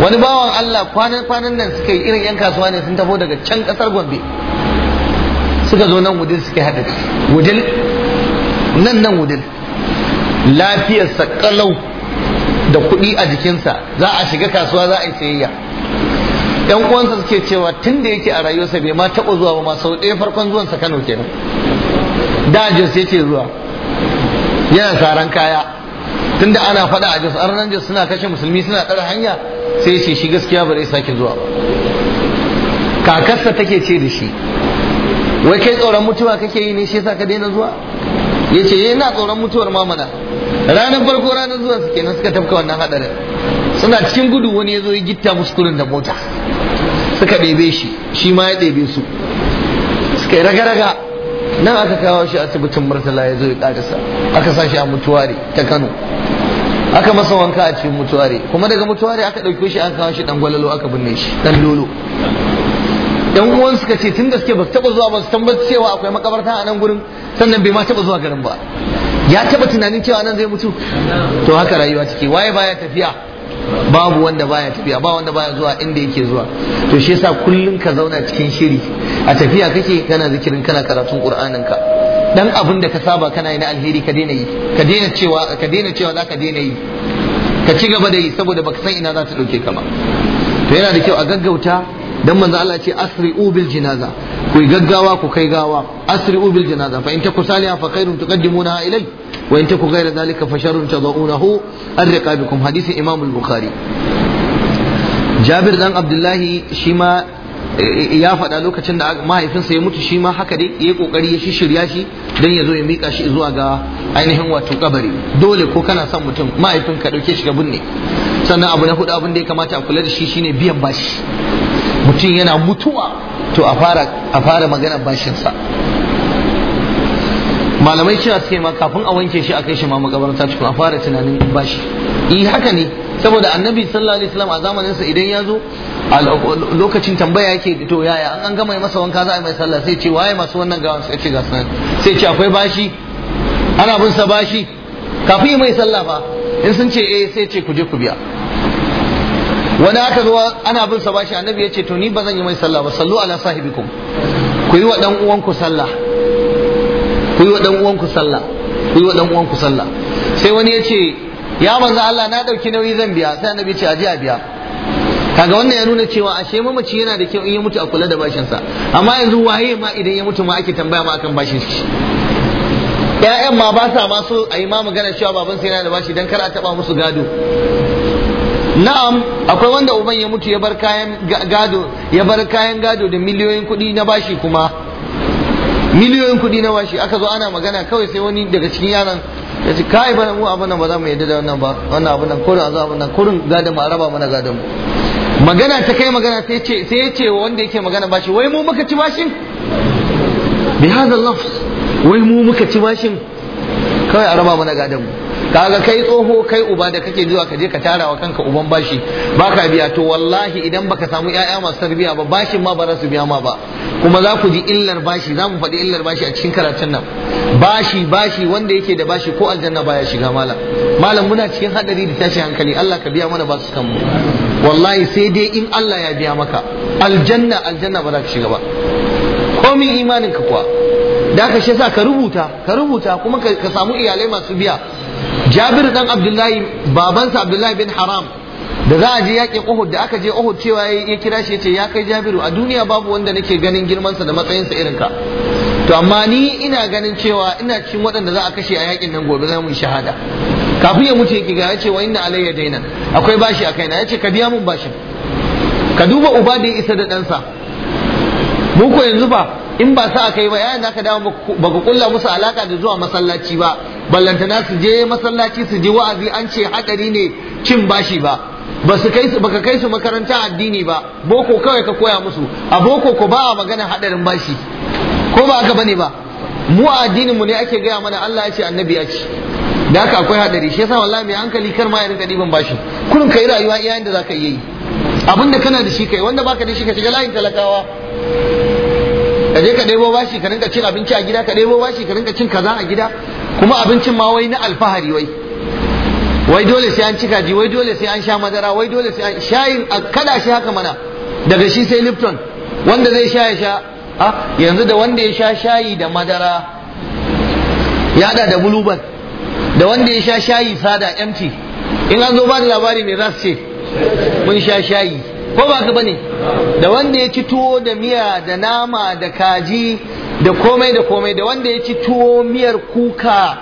S1: wani bawan Allah kwanan kwanan nan suka yi irin yan kasuwa ne sun tafo daga can kasar Gombe suka zo nan wudil suka haɗa wudil nan nan wudil lafiyarsa kalau da kuɗi a jikinsa za a shiga kasuwa za a yi sayayya yan uwansa suke cewa tun da yake a rayuwarsa bai ma taɓa zuwa ba ma sau ɗaya farkon zuwansa Kano kenan da Jos yake zuwa yana saran kaya tunda ana faɗa a Jos arnan Jos suna kashe musulmi suna ɗara hanya sai ce shi gaskiya ba zai sake zuwa ba kakarsa take ce da shi wai kai tsoron mutuwa kake yi ne shi yasa ka daina zuwa yace eh ina tsoron mutuwar mamana ranar farko ranar zuwa su kenan suka tafka wannan hadarin suna cikin gudu wani ya zo ya gitta musu da mota suka ɗebe shi shi ma ya ɗebe su suka yi raga-raga nan aka kawo shi a asibitin murtala ya zo ya ƙarisa aka sa shi a mutuware ta kano aka masa wanka a cikin mutuware kuma daga mutuware aka ɗauko shi aka kawo shi ɗan gwalalo aka binne shi ɗan lolo yan uwan suka ce tun da suke ba su taɓa zuwa ba su tambar cewa akwai makabarta a nan gurin sannan bai ma taɓa zuwa garin ba ya taba tunanin cewa nan zai mutu to haka rayuwa take waye baya tafiya babu wanda baya tafiya ba wanda baya zuwa inda yake zuwa to shi yasa kullun ka zauna cikin shiri a tafiya kake kana zikirin kana karatun qur'anin ka dan abin da ka saba kana yi na alheri ka daina yi ka daina cewa ka daina cewa zaka daina yi ka ci gaba da yi saboda baka san ina za ta dauke ka ba to yana da kyau a gaggauta dan manzo Allah ce asri'u bil jinaza ku gaggawa ku kai gawa asri'u bil jinaza fa in taku saliha fa khairun tuqaddimuna ilay wa in taku ghayra dhalika fa sharrun tad'unahu arriqabikum hadisi imam al-bukhari Jabir dan Abdullahi shi ma eh, ya faɗa lokacin da mahaifinsa ya mutu shi ma haka dai ya kokari ya shishirya shi dan ya zo ya mika shi zuwa ga ainihin wato kabari dole ko kana son mutum mahaifin ka dauke shi ga binne sannan abu na hudu abin da ya kamata a kula da shi shine biyan bashi mutum yana mutuwa to a fara magana bashinsa malamai cewa suke ma kafin a wanke shi a kai shi ma makabarta cikin a fara tunanin bashi yi e, haka ne saboda annabi sallallahu alaihi wasallam a zamanin sa idan ya zo lokacin tambaya yake to yaya an an gama masa wanka za a yi mai sallah sai ce waye masu wannan gawan sai ce ga sunan sai ce akwai bashi ana bin sa bashi kafin yi mai sallah fa in sun ce eh sai ce ku je ku biya wani aka zo ana bin sa bashi annabi ya ce to ni ba zan yi mai sallah ba sallu ala sahibikum ku yi wa dan uwanku sallah ku yi wa dan uwanku sallah ku yi wa dan uwanku sallah sai wani ya ce ya manzo Allah na dauki nauyi zan biya sai annabi ce aje a biya kaga wannan ya nuna cewa ashe mamaci yana da kyau in ya mutu a kula da bashin sa amma yanzu waye ma idan ya mutu ma ake tambaya ma akan bashin shi ƴaƴan ma ba sa ma so a yi ma magana cewa babansa yana da bashi dan kar a taba musu gado na'am akwai wanda uban ya mutu ya bar kayan gado ya bar kayan gado da miliyoyin kuɗi na bashi kuma miliyoyin kuɗi na bashi aka zo ana magana kawai sai wani daga cikin yaran ya ce kai bana mu abin nan ba za mu yadda da wannan ba wannan abin nan kurin azabin nan kurin gado ma araba mana gadon mu magana ta kai magana sai ce sai ya ce wanda yake magana bashi wai mu muka ci bashin bi hadha lafz wai mu muka ci bashin kawai a mana gadon mu kaga kai tsoho kai uba da kake zuwa ka je ka tara wa kanka uban bashi baka biya to wallahi idan baka samu ƴaƴa masu tarbiya ba bashin ma ba za biya ma ba kuma za ku ji illar bashi za mu faɗi illar bashi a cikin karatun nan bashi bashi wanda yake da bashi ko aljanna baya shiga malam malam muna cikin hadari da tashi hankali Allah ka biya mana basu kanmu wallahi sai dai in Allah ya biya maka aljanna aljanna ba za ka shiga ba komin imanin ka kuwa da ka shi sa ka rubuta ka rubuta kuma ka samu iyalai masu biya jabir dan abdullahi babansa abdullahi bin haram da za a je yakin uhud da aka je uhud cewa ya kira shi yace ya kai jabiru a duniya babu wanda nake ganin girmansa da matsayinsa irin ka to amma ni ina ganin cewa ina cikin waɗanda za a kashe a yakin nan gobe za mu shahada kafin ya mutu yake ga yace wa inna alayya dainan akwai bashi akai na yace ka biya mun bashin ka duba uba da ya isa da ɗansa mu ko yanzu ba in ba sa kai ba yayin da ka dawo ba ku kulla musu alaka da zuwa masallaci ba ballantana su je masallaci su ji wa'azi an ce hadari ne cin bashi ba ba su kai su baka kai su makaranta addini ba boko kawai ka koya musu a boko ko ba a magana hadarin bashi ko ba haka bane ba mu a addinin mu ne ake gaya mana Allah ya ce annabi ya ce da haka akwai hadari shi yasa wallahi mai hankali kar ma ya rinka diban bashi kullum kai rayuwa iya da zaka yi abinda kana da shi kai wanda baka da shi ka shiga layin talakawa ka je ka ɗebo bashi ka rinka cin abinci a gida ka debo bashi ka rinka cin kaza a gida kuma abincin ma wai na alfahari wai wai dole sai an cika ji wai dole sai an sha madara wai dole sai an shayin a kada shi haka mana daga shi sai lipton wanda zai sha ya sha a yanzu da wanda ya sha shayi da madara ya da da buluban da wanda ya sha shayi sada empty in an zo ba da labari mai za su ce mun sha shayi ko ba ka bane da wanda ya ci tuwo da miya da nama da kaji da komai da komai da wanda ya ci tuwo miyar kuka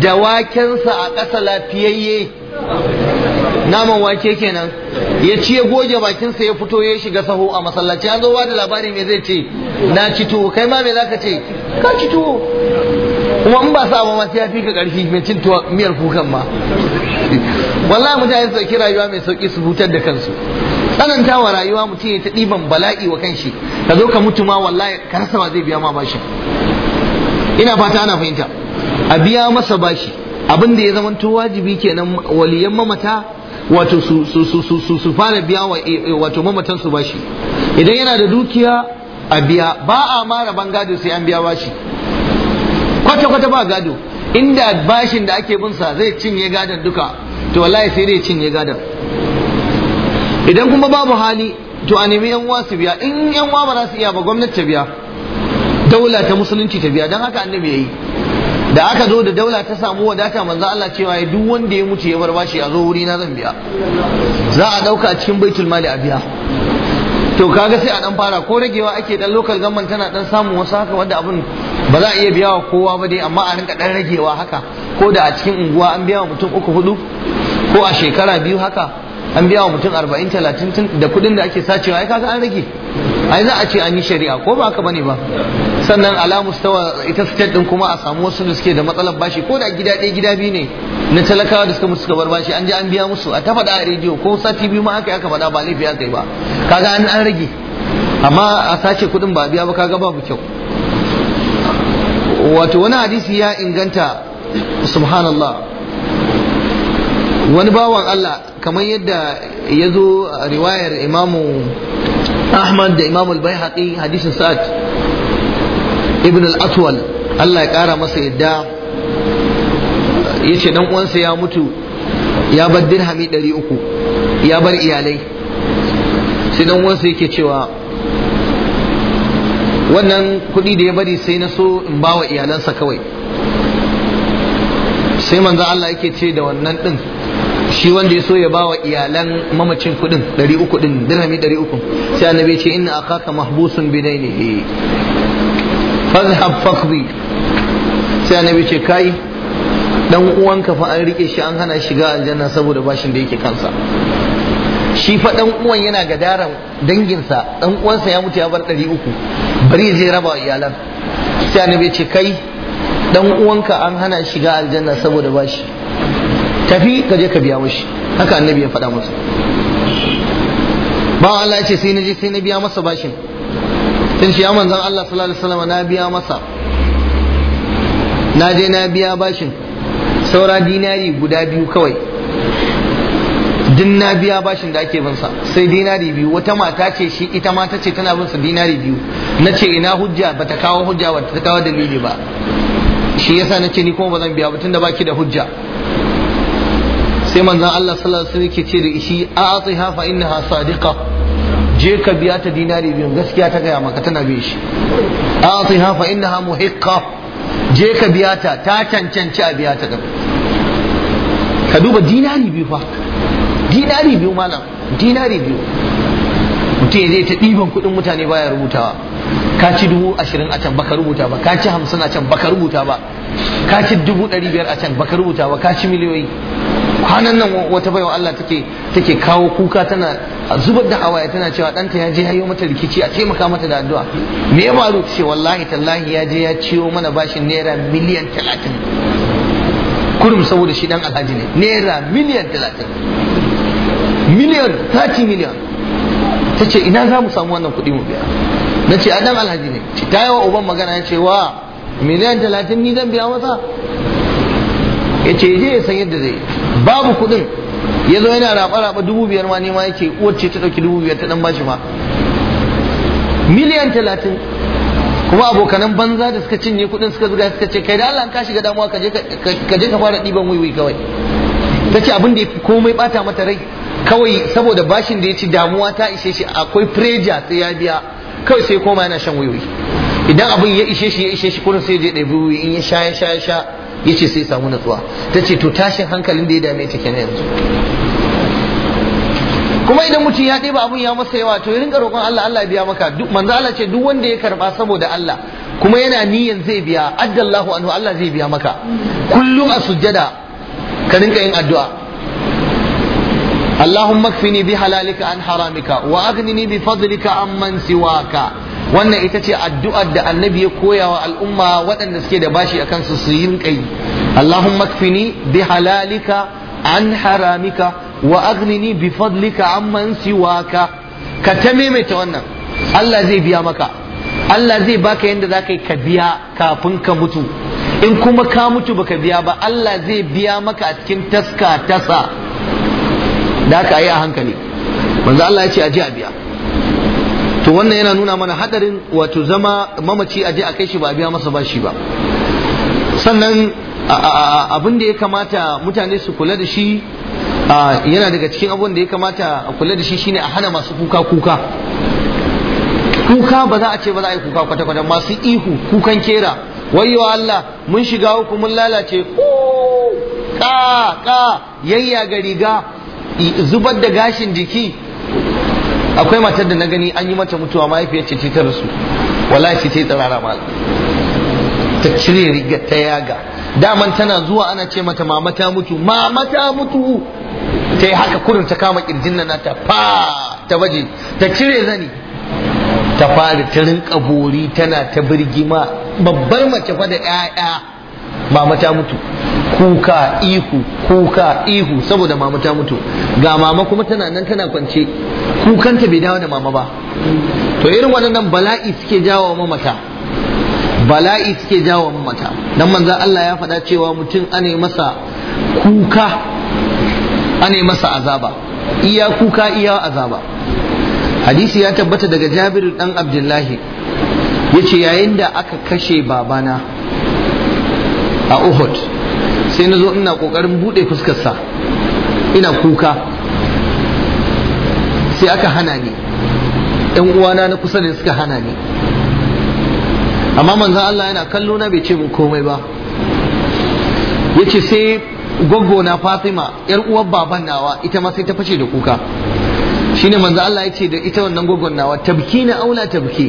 S1: da wakensa a ƙasa lafiyayye naman wake kenan ya ci ya goge bakinsa ya fito ya shiga saho a masallaci an zo ba da labari me zai ce na ci tuwo kai ma me zaka ce ka ci tuwo kuma in ba sa ba masu ya fi ka ƙarfi mai cin tuwa miyar kukan ma wallahi mutane su ɗauki rayuwa mai sauki su hutar da kansu tsananta wa rayuwa mutum ya ta ɗiban bala'i wa kanshi ka zo ka mutu ma wallahi ka rasa ma zai biya ma bashi. ina fata ana fahimta a biya masa bashi abin da ya to wajibi kenan waliyan mamata wato su fara biya eh, eh, wato mamatan su bashi idan yana da dukiya a biya ba a mara ban gado sai an biya bashi kwata kwata ba gado inda bashin da ake bin zai cinye gadon duka to wallahi sai zai cinye gadon idan kuma babu hali to a nemi yan uwa biya in yan uwa ba za su iya ba gwamnati ta biya daula ta musulunci ta biya don haka annabi yi? da aka zo da daula ta samu wadata manzo Allah cewa ya duk wanda ya mutu ya bar bashi a zo wuri na zan biya za a dauka a cikin baitul mali a biya to kaga sai a dan fara ko ragewa ake dan local government tana dan samun wasu haka wanda abun ba za a iya biya wa kowa ba dai amma a rinka dan ragewa haka ko da a cikin unguwa an biya wa mutum uku hudu ko a shekara biyu haka an biya wa mutum arba'in talatin da kudin da ake sacewa ai kaga an rage ai za a ce an yi shari'a ko ba haka bane ba sannan alamus mustawa ita state din kuma a samu wasu da suke da matsalar bashi ko da gida ɗaya gida biyu ne na talakawa da suka musu bar bashi an je an biya musu a ta faɗa a rediyo ko sati biyu ma haka aka faɗa ba laifi aka yi ba kaga an an rage amma a sace kuɗin ba biya ba kaga babu kyau wato wani hadisi ya inganta subhanallah wani bawan Allah kamar yadda ya zo riwayar imamu Ahmad da imamu al-Baihaqi hadisin Sa'ad ibn al-aswal Allah ya kara masa yadda yace dan uwansa ya mutu ya bar dirhami 300 ya bar iyalai sai dan uwansa yake cewa wannan kuɗi da ya bari sai na so in bawa iyalansa kawai sai manzo Allah yake ce da wannan din shi wanda ya so ya bawa iyalan mamacin kudin 300 din dirhami 300 sai annabi ya ce inna akaka mahbusun bidainihi fazhab fakhbi sai annabi ce kai dan uwanka fa an rike shi an hana shiga aljanna saboda bashin da yake kansa shi fa dan uwan yana gadaran danginsa dan uwansa ya mutu ya bar 300 bari zai raba wa iyalan sai annabi ce kai dan uwanka an hana shiga aljanna saboda bashi tafi ka je ka biya mushi, haka annabi ya faɗa masa ba Allah ya ce sai na je sai na biya masa bashin sun ce ya manzan Allah sallallahu alaihi wasallam na biya masa na je na biya bashin saura dinari guda biyu kawai din na biya bashin da ake binsa sai dinari biyu wata mata ce shi ita ma ta ce tana binsa dinari biyu na ce ina hujja bata kawo hujja wata ta kawo dalili ba shi yasa na ce ni kuma ba zan biya ba tunda baki da hujja sai manzan Allah sallallahu alaihi wasallam ke ce da shi a'ati hafa ina innaha sadiqa je ka biya ta dinari biyu gaskiya ta gaya maka tana bin shi hafa ina innaha muhiqqa je ka biya ta ta cancanci a biya ta ka duba dinari biyu fa dinari biyu malam dinari biyu mutum zai ta ɗiban kuɗin mutane baya rubutawa ka ci dubu ashirin a can baka rubuta ba ka ci hamsin a can baka rubuta ba ka ci dubu ɗari biyar a can baka rubuta ba ka ci miliyoyi kwanan nan wata baiwa Allah take take kawo kuka tana zubar da hawaye tana cewa ɗanta ya je ya yi mata rikici a taimaka mata da addu'a me ya faru ce wallahi tallahi ya je ya ciyo mana bashin naira miliyan talatin kurum saboda shi dan alhaji ne naira miliyan talatin miliyan 30 miliyan ta ce ina za mu samu wannan kuɗi mu biya na ce a dan alhaji ne ta yi wa uban magana ya ce wa miliyan talatin ni zan biya masa ya ce je ya san yadda zai babu kuɗin ya zo yana raba-raba dubu biyar ma nema yake wacce ta dauki dubu biyar ta ɗan bashi ma miliyan talatin kuma abokanan banza da suka cinye kuɗin suka zuga suka ce kai da Allah ka shiga damuwa ka je ka fara ɗiban wiwi kawai ta ce abin da ya fi komai bata mata rai kawai saboda bashin da ya ci damuwa ta ishe shi akwai preja sai ya biya kawai sai koma yana shan wiwi idan abin ya ishe shi ya ishe shi kudin sai ya je ɗaya in ya sha ya sha ya sha yace sai samu natsuwa tace to tashin hankalin da ya dame ta kenan yanzu kuma idan mutum ya ɗeba abun ya masa yawa to ya rinka roƙon Allah Allah ya biya maka duk manzo Allah ce duk wanda ya karba saboda Allah kuma yana niyyar zai biya addallahu anhu Allah zai biya maka kullum a sujjada ka rinka yin addu'a bi اللهم اكفني بحلالك عن حرامك واغنني بفضلك عمن سواك wannan ita ce addu'ar da annabi ya koya wa al'umma waɗanda suke da bashi akan su su yi kai Allahumma kfini bi halalika an haramika wa aghnini bi fadlika amman siwaka ka ta maimaita wannan Allah zai biya maka Allah zai baka yadda za ka yi ka biya kafin ka mutu in kuma ka mutu baka biya ba Allah zai biya maka a cikin taska tasa da aka yi a hankali manzo Allah ya ce a ji a biya to wannan yana nuna mana hadarin wato zama mamaci aje a kai shi ba a biya masa bashi ba sannan abin da ya kamata mutane su kula da shi yana daga cikin abin da ya kamata a kula da shi shine a hana masu kuka kuka kuka ba za a ce ba za a yi kuka kwata-kwata masu ihu kukan kera wayyo Allah mun shiga uku mun lalace ka ka yayya ga riga zubar da gashin jiki akwai matar da na gani an yi mata mutuwa mahaifiyar ce ce ta rasu wallahi ce ce tsirara ma ta cire rigar ta yaga daman tana zuwa ana ce mata mama ta mutu mama ta mutu ta yi haka kurin ta kama kirjin nan ta fa ta baje ta cire zani ta fara ta rinka bori tana ta birgima babbar mace fa da 'ya'ya mama ta mutu kuka ihu kuka ihu saboda mama ta mutu ga mama kuma tana nan tana kwance kukanta bai dawo da mama ba to irin waɗannan bala'i suke jawo mata bala'i suke jawo mata dan manzo Allah ya faɗa cewa mutum ane masa kuka ane masa azaba iya kuka iya azaba hadisi ya tabbata daga Jabir dan Abdullahi yace yayin da aka kashe babana a uhud sai na zo ina kokarin buɗe fuskarsa ina kuka sai aka hana ni yan uwana na kusa ne suka hana ni amma manzon Allah yana kallo na bai ce min komai ba yace sai goggo na Fatima yar uwar baban nawa ita ma sai ta fashe da kuka shine manzo Allah yace da ita wannan goggon nawa tabki na aula tabki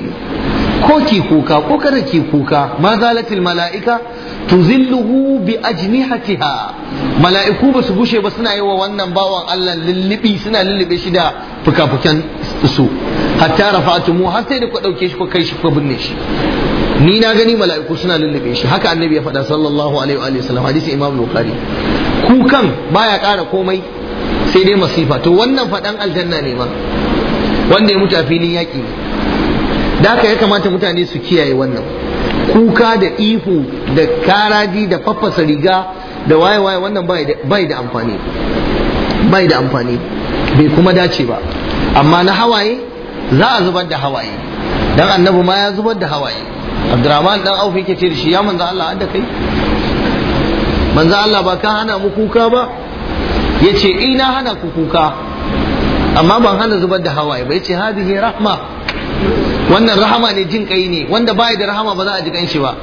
S1: ko ki kuka ko kada ki kuka ma zalatil mala'ika tuzilluhu bi ajnihatiha mala'iku ba su gushe ba suna yi wa wannan bawan Allah lullubi suna lullube shi da fukafukan su hatta rafa'atumu har sai da ku dauke shi ku kai shi ku binne shi ni na gani mala'iku suna lullube shi haka annabi ya faɗa sallallahu alaihi wa sallam hadisi imam bukhari kukan baya ƙara komai sai dai masifa to wannan faɗan aljanna ne ma wanda ya mutu a filin yaƙi ne da haka ya kamata mutane su kiyaye wannan kuka da ihu da karaji da faffasa riga da waye waye wannan bai da amfani bai da amfani bai kuma dace ba amma na hawaye za a zubar da hawaye dan annabi ma ya zubar da hawaye abdurrahman dan auf yake ce da shi ya manzo Allah da kai manzo Allah ba ka hana mu kuka ba yace ina eh, hana ku kuka amma ban hana zubar da hawaye ba yace hadihi rahma wannan rahama ne jin kai ne wanda baya da rahama ba za a ji kan shi ba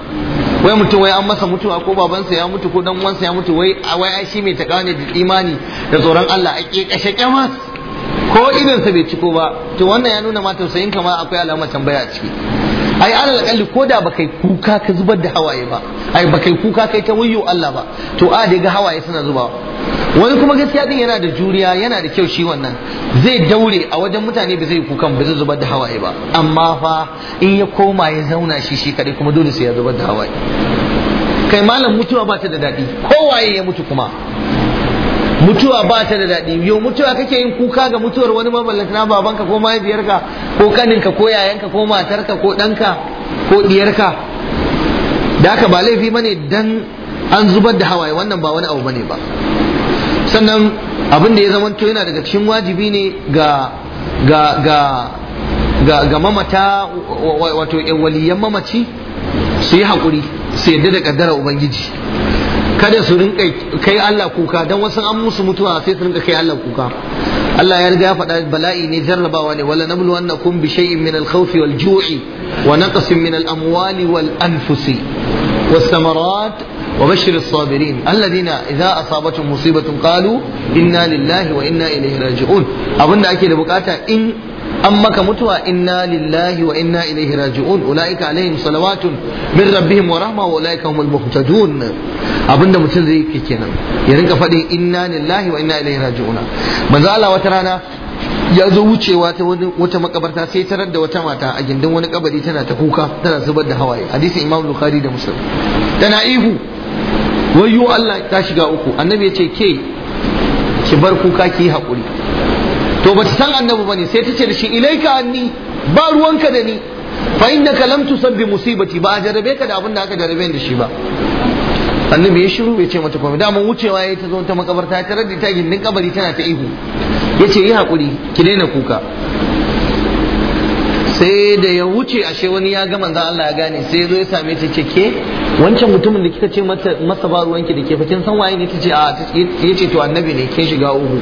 S1: wai mutum wai an masa mutuwa ko babansa ya mutu ko dan uwansa ya mutu wai wai ai shi mai takawa ne da imani da tsoron Allah a ke kashe kyamas ko idan sa bai ciko ba to wannan ya nuna ma tausayin kama akwai alamar tambaya a ciki ai alal kalli ko da bakai kuka ka zubar da hawaye ba ai bakai kuka kai ta wuyu Allah ba to a da ga hawaye suna zubawa wani kuma gaskiya din yana da juriya yana da kyau shi wannan zai daure a wajen mutane ba zai kukan ba zai zubar da hawaye ba amma fa in ya koma ya zauna shi shi kadai kuma dole sai ya zubar da hawaye kai malam mutuwa ba ta da daɗi kowaye ya mutu kuma mutuwa ba ta da daɗi yau mutuwa kake yin kuka ga mutuwar wani maballata babanka ko mahaifiyarka ko kaninka ko yayanka ko matarka ko ɗanka ko ɗiyarka da haka ba laifi bane dan an zubar da hawaye wannan ba wani abu bane ba sannan abin da ya zamanto yana daga cikin wajibi ne ga ga ga ga, ga mamata wato waliyan mamaci su yi haƙuri su yadda da ƙaddara ubangiji kada su rinka kai Allah kuka dan wasu an musu mutuwa sai su rinka kai Allah kuka Allah ya riga ya faɗa bala'i ne jarrabawa ne wala nablu annakum bi shay'in min al-khawf wal ju'i wa naqsin min al-amwali wal anfusi was thamarat وبشر الصابرين الذين اذا اصابتهم مصيبه قالوا انا لله وانا اليه راجعون ابن ake da bukata in an maka mutuwa inna lillahi wa inna ilaihi raji'un ulaika alaihim salawatun min rabbihim wa rahma wa ulaika humul muhtadun abinda mutum zai yi kenan ya rinka faɗin inna lillahi wa inna ilaihi raji'una manzo Allah wata rana ya zo wucewa ta wata makabarta sai tarar da wata mata a gindin wani kabari tana ta kuka tana zubar da hawaye hadisin imam bukhari da muslim tana ihu wayo Allah ta shiga uku annabi ya ce ke ki bar kuka ki haƙuri to ba san annabi bane sai ta ce da shi ilaika anni ba ruwanka da ni fa innaka lam tusabbi musibati ba a jarabe ka da abin da aka jarabe da shi ba annabi ya shiru ya ce mata komai da mun wucewa yayi ta zo ta makabarta ta rada ta gindin kabari tana ta ihu yace yi haƙuri, ki daina kuka sai da ya wuce ashe wani ya ga zan Allah ya gane sai ya zo ya same ta wancan mutumin da kika ce masa ba ruwanki da ke fakin san waye ne tace a yace to annabi ne ke shiga uhu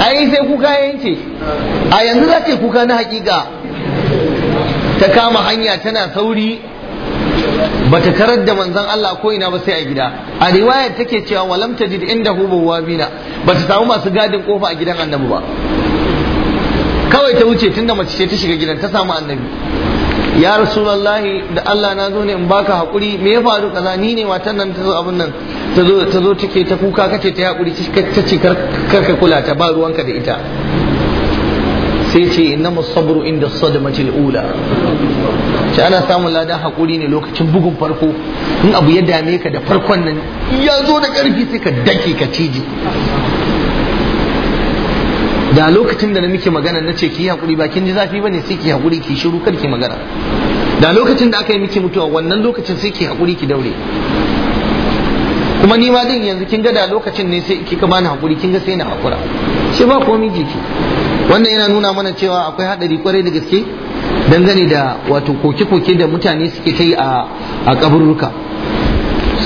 S1: ai sai kuka yanke a yanzu za kuka na hakika ta kama hanya tana sauri bata karar da manzan Allah ko ina ba sai a gida a riwayar take cewa walam tajid indahu bawabina ta samu masu gadin kofa a gidan annabi ba kawai ta wuce tun da mace ce ta shiga gidan ta samu annabi ya rasulullahi da Allah na zo ne in baka hakuri me ya faru kaza ni ne matan nan ta zo abin nan ta zo ta zo take ta kuka kace ta hakuri ta ce karka kula ta ba ruwanka da ita sai ce innamu sabru inda sadmatil ula ce ana samun ladan haƙuri ne lokacin bugun farko in abu ya dame ka da farkon nan ya zo da ƙarfi sai ka dake ka cije da lokacin da na muke magana na ce ki yi haƙuri ba kin ji zafi ba ne sai ki haƙuri ki shiru kar ki magana da lokacin da aka yi miki mutuwa wannan lokacin sai ki haƙuri ki daure kuma ni ma din yanzu kin ga da lokacin ne sai kika bani haƙuri kin ga sai na haƙura shi ba komai jiki wannan yana nuna mana cewa akwai haɗari kwarai da gaske dangane da wato koke-koke da mutane suke ta yi a kaburruka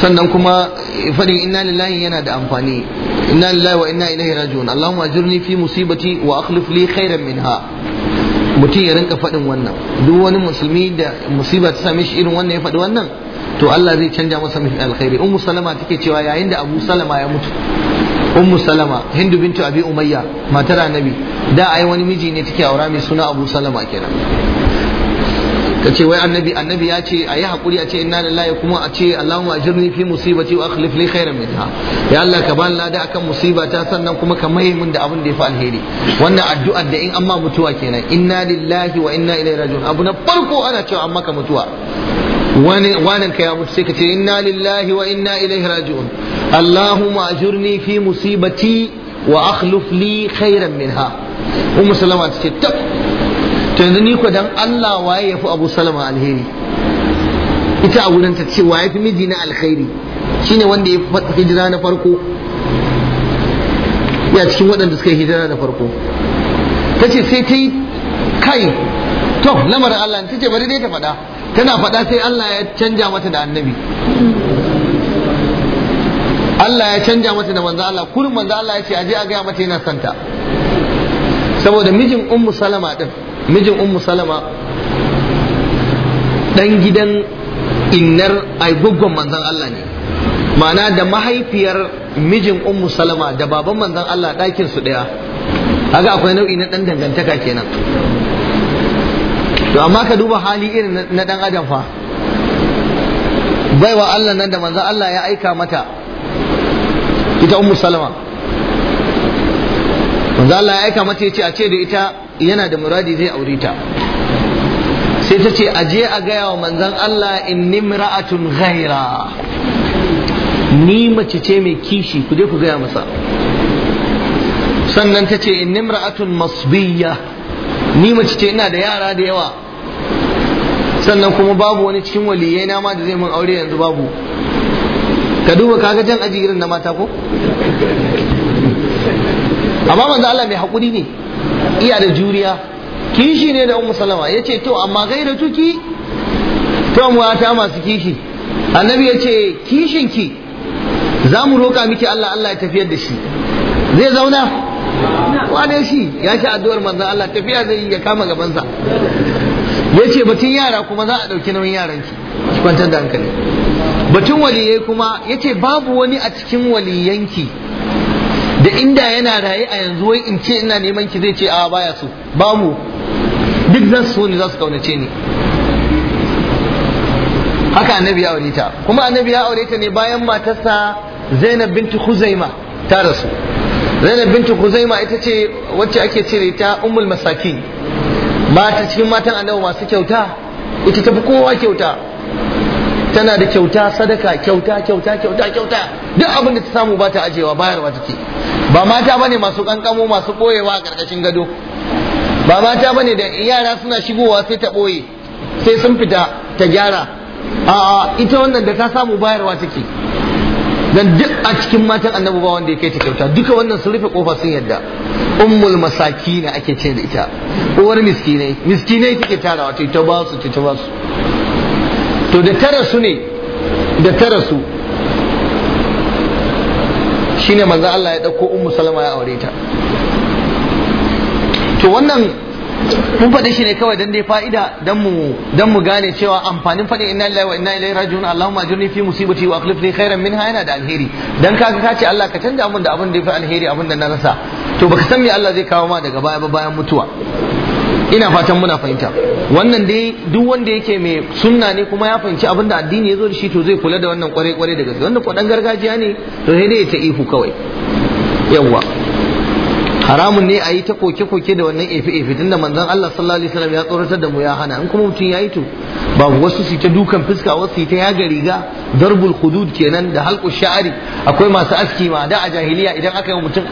S1: sannan kuma fadin inna lillahi yana da amfani inna lillahi wa inna ilaihi raji'un allahumma ajirni fi musibati wa akhlif li khairan minha mutum ya rinka faɗin wannan duk wani musulmi da musiba ta same shi irin wannan ya faɗi wannan to Allah zai canja masa mafi alkhairi ummu salama take cewa yayin da abu salama ya mutu ummu salama hindu bintu abi umayya matar annabi da ai wani miji ne take aura mai suna abu salama kenan ka ce wai annabi annabi ya ce a yi haƙuri a ce inna lillahi kuma a ce allahumma ajirni fi musibati wa akhlif li khairan minha ya allah ka bani lada akan musiba sannan kuma ka maye min da abin da ya fi alheri wannan addu'ar da in amma mutuwa kenan inna lillahi wa inna ilaihi raji'un abu na farko ana cewa amma ka mutuwa wani wanan ka ya mutu sai ka ce inna lillahi wa inna ilaihi raji'un allahumma ajirni fi musibati wa akhlif li khairan minha ummu salama ta ce tab to yanzu ni ku dan Allah waye yafi Abu Salama alheri ita a wurin ta ce waye fi miji na alkhairi shine wanda ya hijira na farko ya cikin waɗanda suka hijira na farko ta ce sai ta yi kai to lamarin Allah ta ce bari dai ta faɗa tana faɗa sai Allah ya canja mata da annabi Allah ya canja mata da manzo Allah kullum manzo Allah ya ce aje a gaya mata yana santa saboda mijin ummu salama din mijin ummu salama dan gidan innar ai manzan Allah ne ma'ana da mahaifiyar mijin ummu salama da baban manzan Allah ɗakin su ɗaya haka akwai nau'i na ɗan dangantaka kenan to amma ka duba hali irin na ɗan adam fa baiwa Allah nan da manzan Allah ya aika mata ita ummu salama Manzan Allah ya aika mata ya ce a ce da ita yana da muradi zai aure ta sai ta ce a je a gaya wa manzan Allah inni mira'atun ghaira ni mace ce mai kishi ku je ku gaya masa sannan ta ce inni mira'atun masbiya ni mace ce ina da yara da yawa sannan kuma babu wani cikin waliyai na ma da zai mun aure yanzu babu ka duba kaga jan aji irin na mata ko amma manzo Allah mai hakuri ne iya da juriya kishi ne da umu salama Ya ce to amma da tuki to mata masu kishi annabi yace kishin ki za mu roƙa miki Allah Allah ya tafiyar da shi zai zauna wane shi ya ce addu'ar manzan Allah tafiya zai ya kama gabansa ce batun yara kuma za a ɗauki nauyin yaran ki kwantar da hankali batun waliyai kuma ya ce babu wani a cikin waliyanki da inda yana rayu a yanzu wai in ce ina neman ki zai ce a baya so ba mu duk za so ni za su kaunace ni haka annabi ya aure ta kuma annabi ya aure ne bayan matarsa Zainab binti Khuzaima ta rasu Zainab binti Khuzaima ita ce wacce ake cire ta ummul masakin mata cikin matan annabi masu kyauta ita tafi kowa kyauta tana da kyauta sadaka kyauta kyauta kyauta kyauta duk abin da ta samu ba ta ajewa bayarwa take ba mata bane masu kankamo masu boyewa a karkashin gado ba mata bane da yara suna shigowa sai ta boye sai sun fita ta gyara a ita wannan da ta samu bayarwa take dan duk a cikin matan annabi ba wanda ya kai ta kyauta duka wannan sun rufe kofa sun yadda ummul masakina ake ce da ita uwar miskinai miskinai take tarawa ta ba su ta ba su to da tara su ne da tara su shine manzo Allah ya dauko ummu salama ya aure ta to wannan mun faɗi shi ne kawai dan dai fa'ida dan mu gane cewa amfanin faɗin inna lillahi wa inna ilaihi raji'un Allahumma ajirni fi musibati wa akhlif khairan minha yana da alheri don kaga ka ce Allah ka canja mun da abin da yafi alheri abin da na rasa to baka san me Allah zai kawo ma daga baya ba bayan mutuwa ina fatan muna fahimta wannan dai duk wanda yake mai sunna ne kuma ya fahimci abin da addini ya zo da shi to zai kula da wannan kwarai kwarai da gaske wannan kwadan gargajiya ne to sai dai ta ihu kawai yawa haramun ne a yi ta koke koke da wannan efe efe tunda manzon Allah sallallahu alaihi wasallam ya tsoratar da mu ya hana in kuma mutum ya yi to ba wasu su ta dukan fuska wasu su ta yaga riga darbul hudud kenan da halqu sha'ari akwai masu aski ma da a jahiliya idan aka yi mutum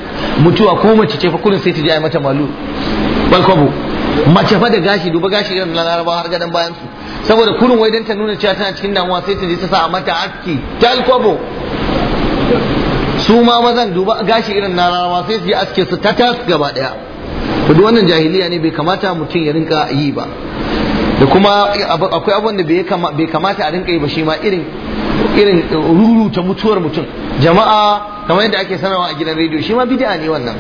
S1: mutuwa ko mace ce fa kullun sai ta je ai mata malu balkabu mace fa da gashi duba gashi irin laraba har gadan bayan su saboda kurun wai dan ta nuna cewa tana cikin damuwa sai ta je ta sa mata aski tal kwabo su ma mazan duba gashi irin na laraba sai su yi aske su tatas gaba daya to wannan jahiliya ne bai kamata mutum ya rinka yi ba da kuma akwai abin da bai kamata a rinka yi ba shi ma irin irin uh, ruruta mutuwar mutum jama'a kamar yadda ake sanarwa a gidan rediyo shi ma bid'a ne wannan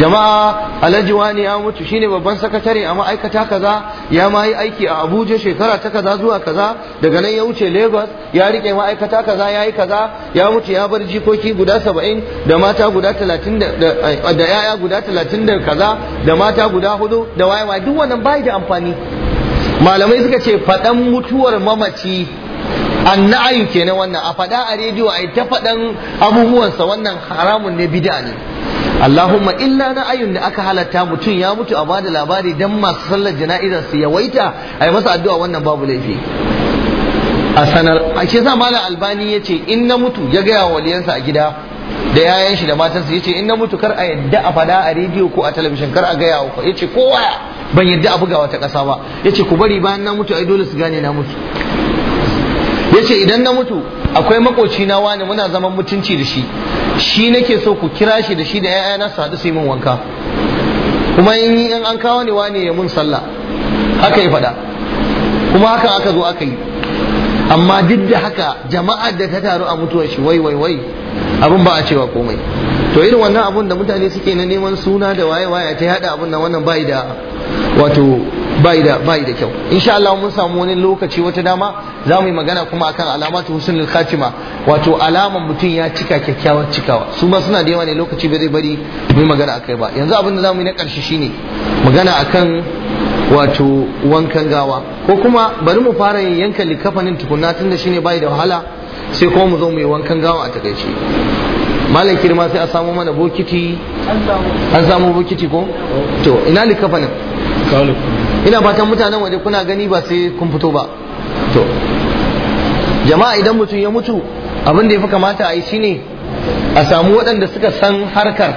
S1: jama'a alhaji ne ya mutu shine babban sakatare a ma'aikata kaza ya ma yi aiki a abuja shekara ta kaza zuwa kaza daga nan ya wuce lagos ya rike ma'aikata kaza ya yi kaza ya mutu ya bar jikoki guda saba'in da mata guda talatin da yaya guda talatin da kaza da mata guda hudu da wayewa duk wannan bai da amfani malamai suka ce faɗan mutuwar mamaci an na'ayu kenan wannan a faɗa a rediyo a yi ta faɗan abubuwansa wannan haramun ne bid'a ne Allahumma illa na'ayun da aka halatta mutum ya mutu a bada labari dan masu sallar jana'izar su yawaita a yi masa addu'a wannan babu laifi a sanar a ke sa malam albani ya ce in na mutu ya gaya waliyansa a gida da yayan shi da matansa ce in na mutu kar a yadda a fada a rediyo ko a talabijin kar a gaya wa ya ce kowa ban yadda a buga wata ƙasa ba yace ku bari bayan na mutu ai dole su gane na mutu yace idan na mutu akwai makoci na wani muna zaman mutunci da shi shi nake so ku kira shi da shi da 'ya'yana na su haɗu su yi min wanka kuma in an kawo ni wani ya mun sallah haka ya faɗa kuma haka aka zo aka yi amma duk da haka jama'ar da ta taru a mutuwar shi wai wai wai abin ba a cewa komai to irin wannan abun da mutane suke na neman suna da waye waye ta hada abun nan wannan bai da wato bai da bai da kyau insha Allah mun samu wani lokaci wata dama za mu yi magana kuma akan alamatu husnul khatima wato alama mutum ya cika kyakkyawar cikawa su ma suna da yawa ne lokaci bai zai bari mu yi magana akai ba yanzu abin da za mu yi na karshe shine magana akan wato wankan gawa ko kuma bari mu fara yanka likafanin tukunna tunda shine bai da wahala sai kuma mu zo mu yi wankan gawa a takaice malam kirma sai a samu mana bokiti an samu bokiti ko to ina likafanin ina fatan mutanen waje kuna gani ba sai kun fito ba to jama'a idan mutum ya mutu abin da ya fi kamata a yi shine a samu waɗanda suka san harkar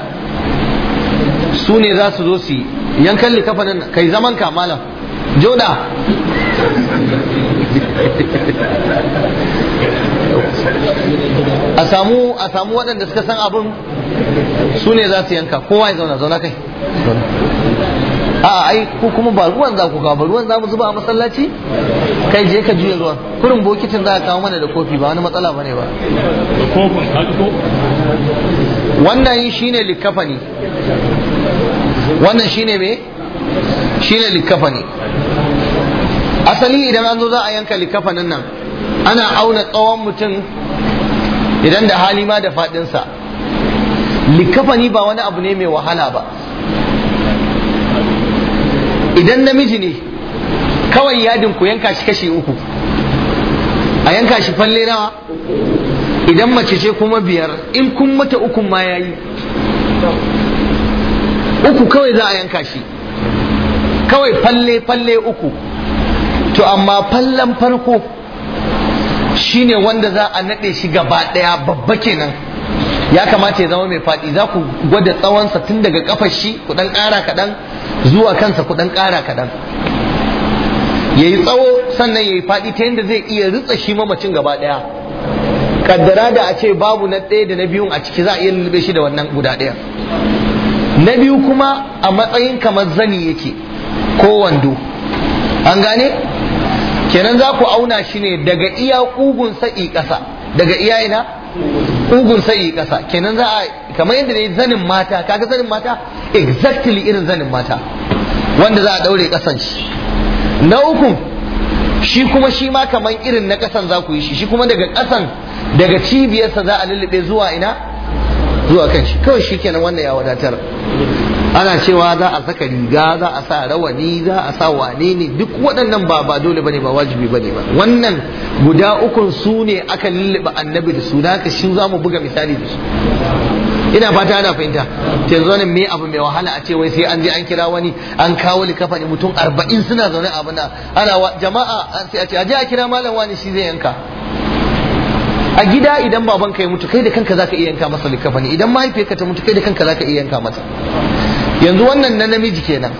S1: su ne za su zo su yi yankan likafanin kai zaman ka malam joda a samu a samu waɗanda suka san abin su ne za su yanka kowa ya zauna zauna kai a ai ko kuma ba ruwan za ku kawo ba ruwan za mu zuba a masallaci kai je ka juya ruwan kurin bokitin za a kawo mana da kofi ba wani matsala bane ba wannan shine ne wannan shine me shine ne asali idan an zo za a yanka nan nan ana auna tsawon mutum idan da hali ma da faɗinsa likafani ba wani abu ne mai wahala ba idan namiji ne kawai yadin ku yanka shi kashi uku a yanka shi falle nawa idan mace ce kuma biyar in kun mata uku ma yayi uku kawai za a yanka shi kawai falle falle uku to amma fallan farko Shi ne wanda za a naɗe shi gaba ɗaya babba kenan ya kamata ya zama mai faɗi za ku gwada tsawonsa tun daga kafar shi ku ɗan ƙara kaɗan zuwa kansa ku ɗan ƙara kaɗan ya yi tsawo sannan ya yi faɗi ta yadda zai iya ritsa shi mamacin gaba ɗaya kaddara da a ce babu na ɗaya da na biyun a ciki za a iya lulluɓe shi da wannan guda ɗaya na biyu kuma a matsayin kamar zani yake ko wando an gane kenan za ku auna shi ne daga iya ƙugun sa'i ƙasa daga iya ina ƙugun sa'i ƙasa kenan za a kamar yadda ne zanin mata kaga zanin mata exactly irin zanin mata wanda za a ɗaure ƙasan shi na uku shi kuma shi ma kamar irin na ƙasan za ku yi shi shi kuma daga ƙasan daga cibiyarsa za a lullube zuwa ina zuwa kan shi kawai shi kenan wanda ya wadatar ana cewa za a saka riga za a sa rawani za a sa wane ne duk waɗannan ba ba dole bane ba wajibi bane ba wannan guda ukun su ne aka lulluɓe annabi da su haka shi za mu buga misali da su ina fata ana fahimta yanzu wannan me abu mai wahala a ce wai sai an je an kira wani an kawo ne mutum arba'in suna zaune a bana ana jama'a sai a ce a je a kira malam wani shi zai yanka a gida idan baban ka ya mutu kai da kanka zaka iya yanka masa ne idan mahaifiyarka ta mutu kai da kanka zaka iya yanka mata yanzu wannan na namiji kenan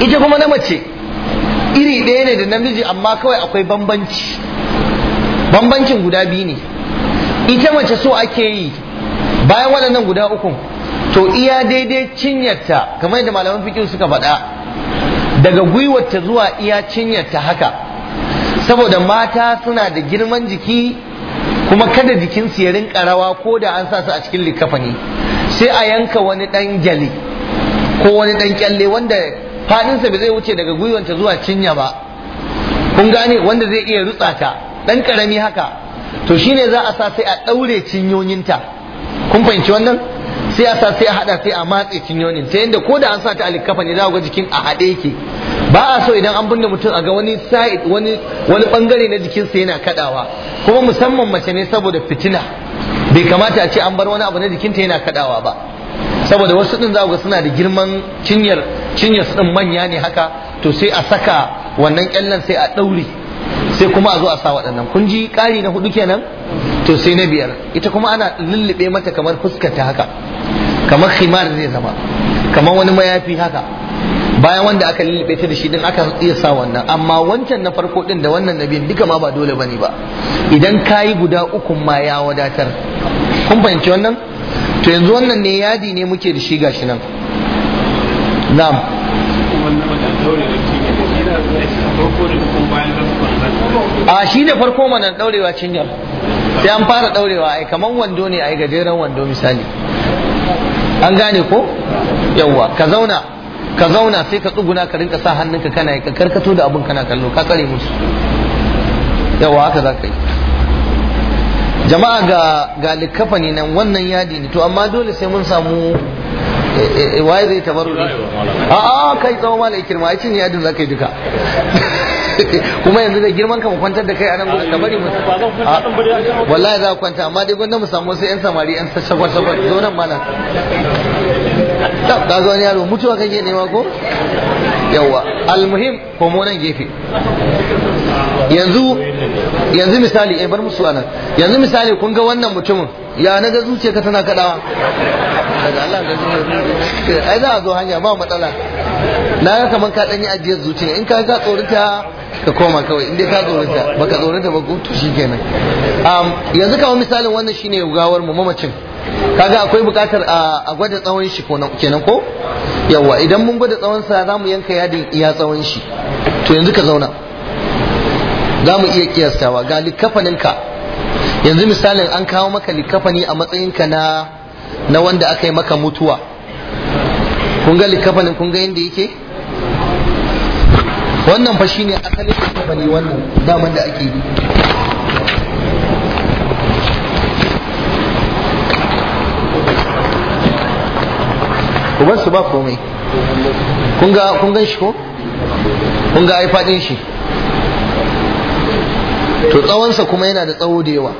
S1: ita kuma na mace iri ɗaya ne da namiji amma kawai akwai bambanci bambancin guda biyu ne ita mace so ake yi bayan waɗannan guda ukun to iya daidai cinyarta kamar da malaman fikin suka faɗa daga gwiwarta zuwa iya cinyarta haka saboda mata suna da girman jiki kuma kada jikinsu ya rinka rawa ko da an sa su a cikin likafani sai a yanka wani ɗan gyale ko wani dan kyalle wanda faɗinsa ba zai wuce daga gwiwanta zuwa cinya ba kun gane wanda zai iya rutsa ta dan karami haka to shine za a sa sai a daure cinyoyinta kun fahimci wannan sai a sa sai a hada sai a matse cinyoyin ta yanda ko da an sa ta alikafa ne za ga jikin a hade yake ba a so idan an binne mutum a ga wani sa'id wani wani bangare na jikinsa yana kadawa kuma musamman mace ne saboda fitina bai kamata a ce an bar wani abu na jikinta yana kadawa ba saboda wasu din za ga suna da girman cinyar cinyar su din manya ne haka to sai a saka wannan kyallan sai a daure sai kuma a zo a sa waɗannan kun ji ƙari na hudu kenan to sai na biyar ita kuma ana lullube mata kamar fuskar ta haka kamar khimar zai zama kamar wani mayafi haka bayan wanda aka lullube ta da shi din aka iya sa wannan amma wancan na farko din da wannan nabiyin duka ma ba dole bane ba idan kayi guda uku ma ya wadatar kun fahimci wannan to yanzu wannan ne yadi ne muke da shi gashi nan na'am a shi ne farko manan daurewa cinyar sai an fara daurewa ai kaman wando ne ai gajeren wando misali an gane ko yawwa ka zauna ka zauna sai ka tsuguna ka rinka sa hannunka kana ka karkato da abin kana kallo ka tsare musu yawwa haka za ka yi jama'a ga ga likafani nan wannan yadi ne to amma dole sai mun samu eh, eh, eh, waye zai tabaru a a kai tsawon mala ikirma ai yadin zaka yi duka kuma yanzu da girman ka mu kwantar da kai a nan gudun ka bari mu wallahi za ku kwanta amma dai gwanda mu samu sai yan samari yan sassakwa sakwa zo nan mana ga wani yaro mutuwa kake nema ko yawa almuhim ko nan gefe yanzu yanzu misali eh bar musu anan yanzu misali kun ga wannan mutumin ya na ga zuciya ka tana kadawa daga Allah da zuciya ai za a zo hanya ba matsala na ga kaman ka ɗanyi yi ajiyar zuciya in ka ga tsorinta ka koma kawai in dai ka tsorinta baka tsorinta ba to ke nan. yanzu kawo misalin wannan shine gawar mu mamacin kaga akwai bukatar a gwada tsawon shi kenan ko yawa idan mun gwada tsawon sa mu yanka yadin iya tsawon shi to yanzu ka zauna za mu iya kiyastawa ga ka yanzu misalin an kawo maka likafani a matsayinka na na wanda aka yi maka mutuwa kun ga likafanin kun ga yadda yake wannan fa shine asalin likafani wannan daman da ake yi ban su ba komai kun ga kun gan shi ko kun ga ai fadin shi to tsawonsa kuma yana da tsawo da yawa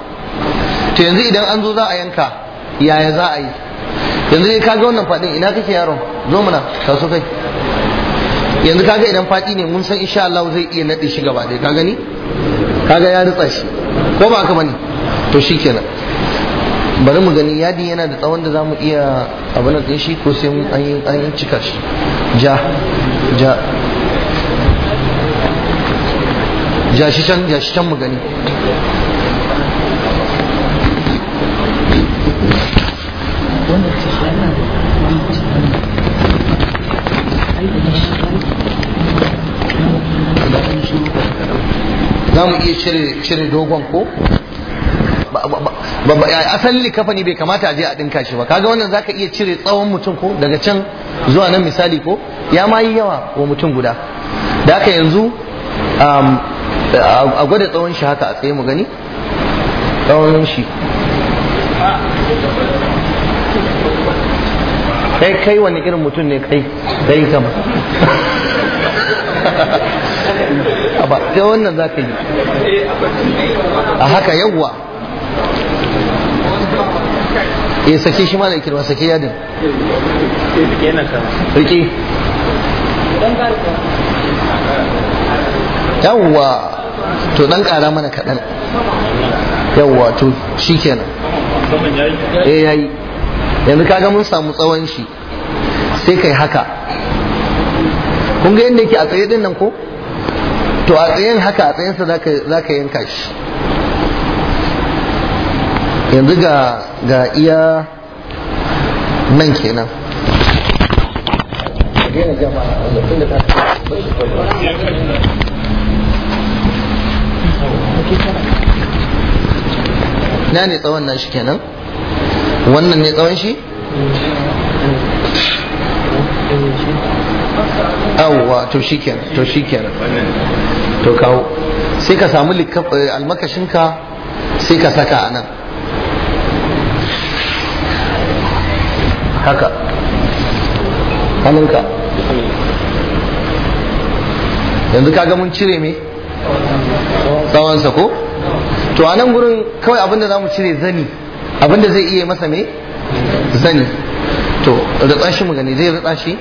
S1: to yanzu idan an zo za a yanka yaya za a yi yanzu ka kaga wannan fadin ina kake yaron zo muna taso kai yanzu kaga idan fadi ne mun san insha Allah zai iya nade shi gaba dai ka gani kaga ya ritsa shi ko ba haka bane to shikenan bari mu gani yadi yana da tsawon da zamu iya abin nan shi ko sai mun an yi an cika shi ja ja ja shi can ja shi can mu gani za mu iya cire dogon ko asalin likafani bai kamata a je a ɗinka shi ba kaga wannan ka iya cire tsawon mutum ko daga can zuwa nan misali ko ya ma yi yawa wa mutum guda da haka yanzu um, a gwada tsawon shi haka a tsaye mu gani tsawon shi kai kai wani irin mutum ne kai kai A ba ta wannan za ka yi a haka yawwa ya eh, sake shi mana da sake yadin rike yawwa to dan kara mana kaɗan yawwa to shi kenan eh yayi yanzu kaga mun samu tsawon shi sai kai haka kun ga yadda yake a tsaye din nan ko to a tsayen haka a tsayensa za ka yanka shi yanzu ga iya nan kenan na ne tsawon nashi shi kenan wannan ne tsawon shi awwa to shikenan to shikenan to kawo sai ka samu eh, almakashinka sai ka saka a nan haka hannunka yanzu kaga mun cire me tsawonsa ko to a nan gurin kawai abinda za mu cire zani abinda zai iya masa me zani to ritsa shi mu gani zai ratsa shi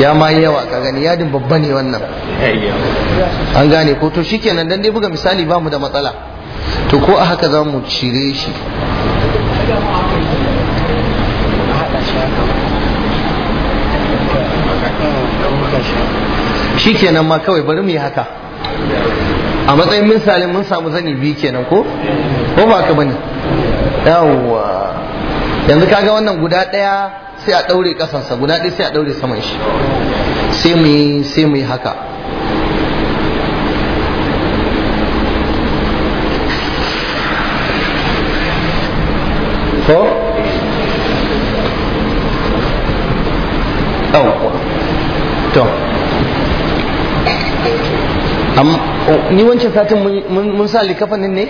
S1: ya ma yi yawa ka gani yadin babba ne wannan an gane ko to shikenan dan dai buga misali ba mu da matsala to ko a haka za mu cire shi shi shikenan ma kawai bari mu yi haka a matsayin misalin mun samu zani biyu kenan ko ko ba ka bane yawwa yanzu kaga wannan guda ɗaya sai a ɗaure kasansa guda ɗaya sai a ɗaure saman shi sai mu yi sai mu yi haka
S2: ko yawwa to amma
S1: ni wancan satin mun sa nan ne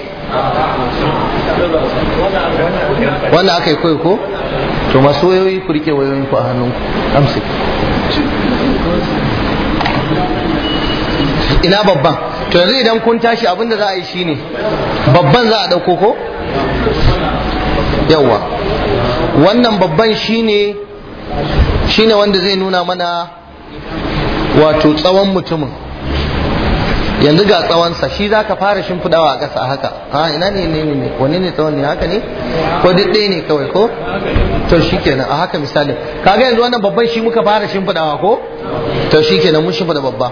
S1: wanda aka yi koyo ko to masu wayoyi ku rike wayoyin ku a hannun amsi ina babban to yanzu idan kun tashi abinda za a yi shine babban za a ɗauko ko yawa wannan babban shine shine wanda zai nuna mana wato tsawon mutumin yanzu ga tsawonsa shi za ka fara shimfiɗawa a ƙasa haka ha ina ne ne ne wani ne tsawon ne haka ne ko duk ɗaya ne kawai ko to shi kenan a haka misali kaga yanzu wannan babban shi muka fara shimfiɗawa ko to shi kenan mun shimfida babba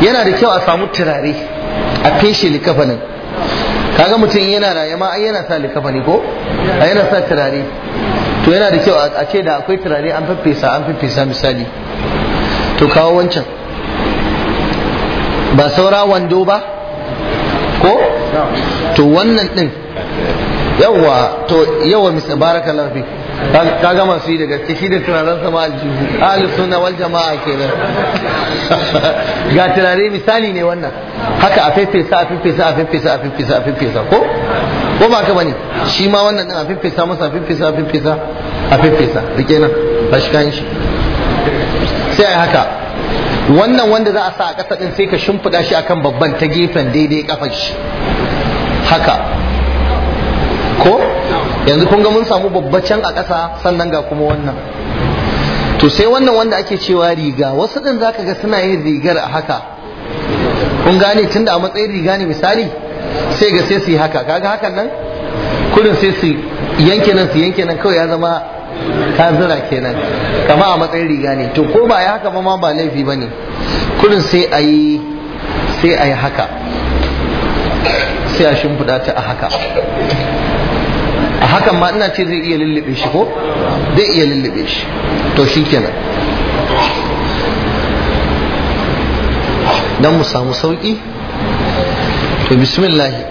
S1: yana da kyau a samu turare a feshe likafanin kaga mutum yana raye ma ai yana sa likafani ko ai yana sa turare to yana da kyau a ce da akwai turare an fafesa an fafesa misali to kawo wancan ba saura wando ba ko to wannan din yawa to yawa misa baraka lafi ka gama su yi daga ciki da tunanin sama aljihu ahlus suna wal jama'a kenan ga tunare misali ne wannan haka a feffesa a feffesa a feffesa a feffesa a feffesa ko ko ba ka bane shi ma wannan din a feffesa masa a feffesa a feffesa a feffesa rike nan ba shi kan shi sai haka wannan wanda za a sa a ƙasa ɗin sai ka shimfiɗa shi akan babban ta gefen daidai kafar shi haka ko yanzu kun ga mun samu babbacen a ƙasa sannan ga kuma wannan to sai wannan wanda ake cewa riga wasu ɗin za ka ga suna yin rigar a haka kun gane tunda a matsayin riga ne misali sai ga sai su yi haka kaga hakan nan kudin sai su yanke nan su yanke nan kawai ya zama ka zira kenan kama a matsayin riga ne to ko ba ya haka ba ma ba laifi ba ne kurin sai a yi sai a yi haka sai a shimfiɗa ta a haka a hakan ma ina ce zai iya lullube shi ko zai iya lullube shi to shi kenan don mu samu sauƙi to bismillahi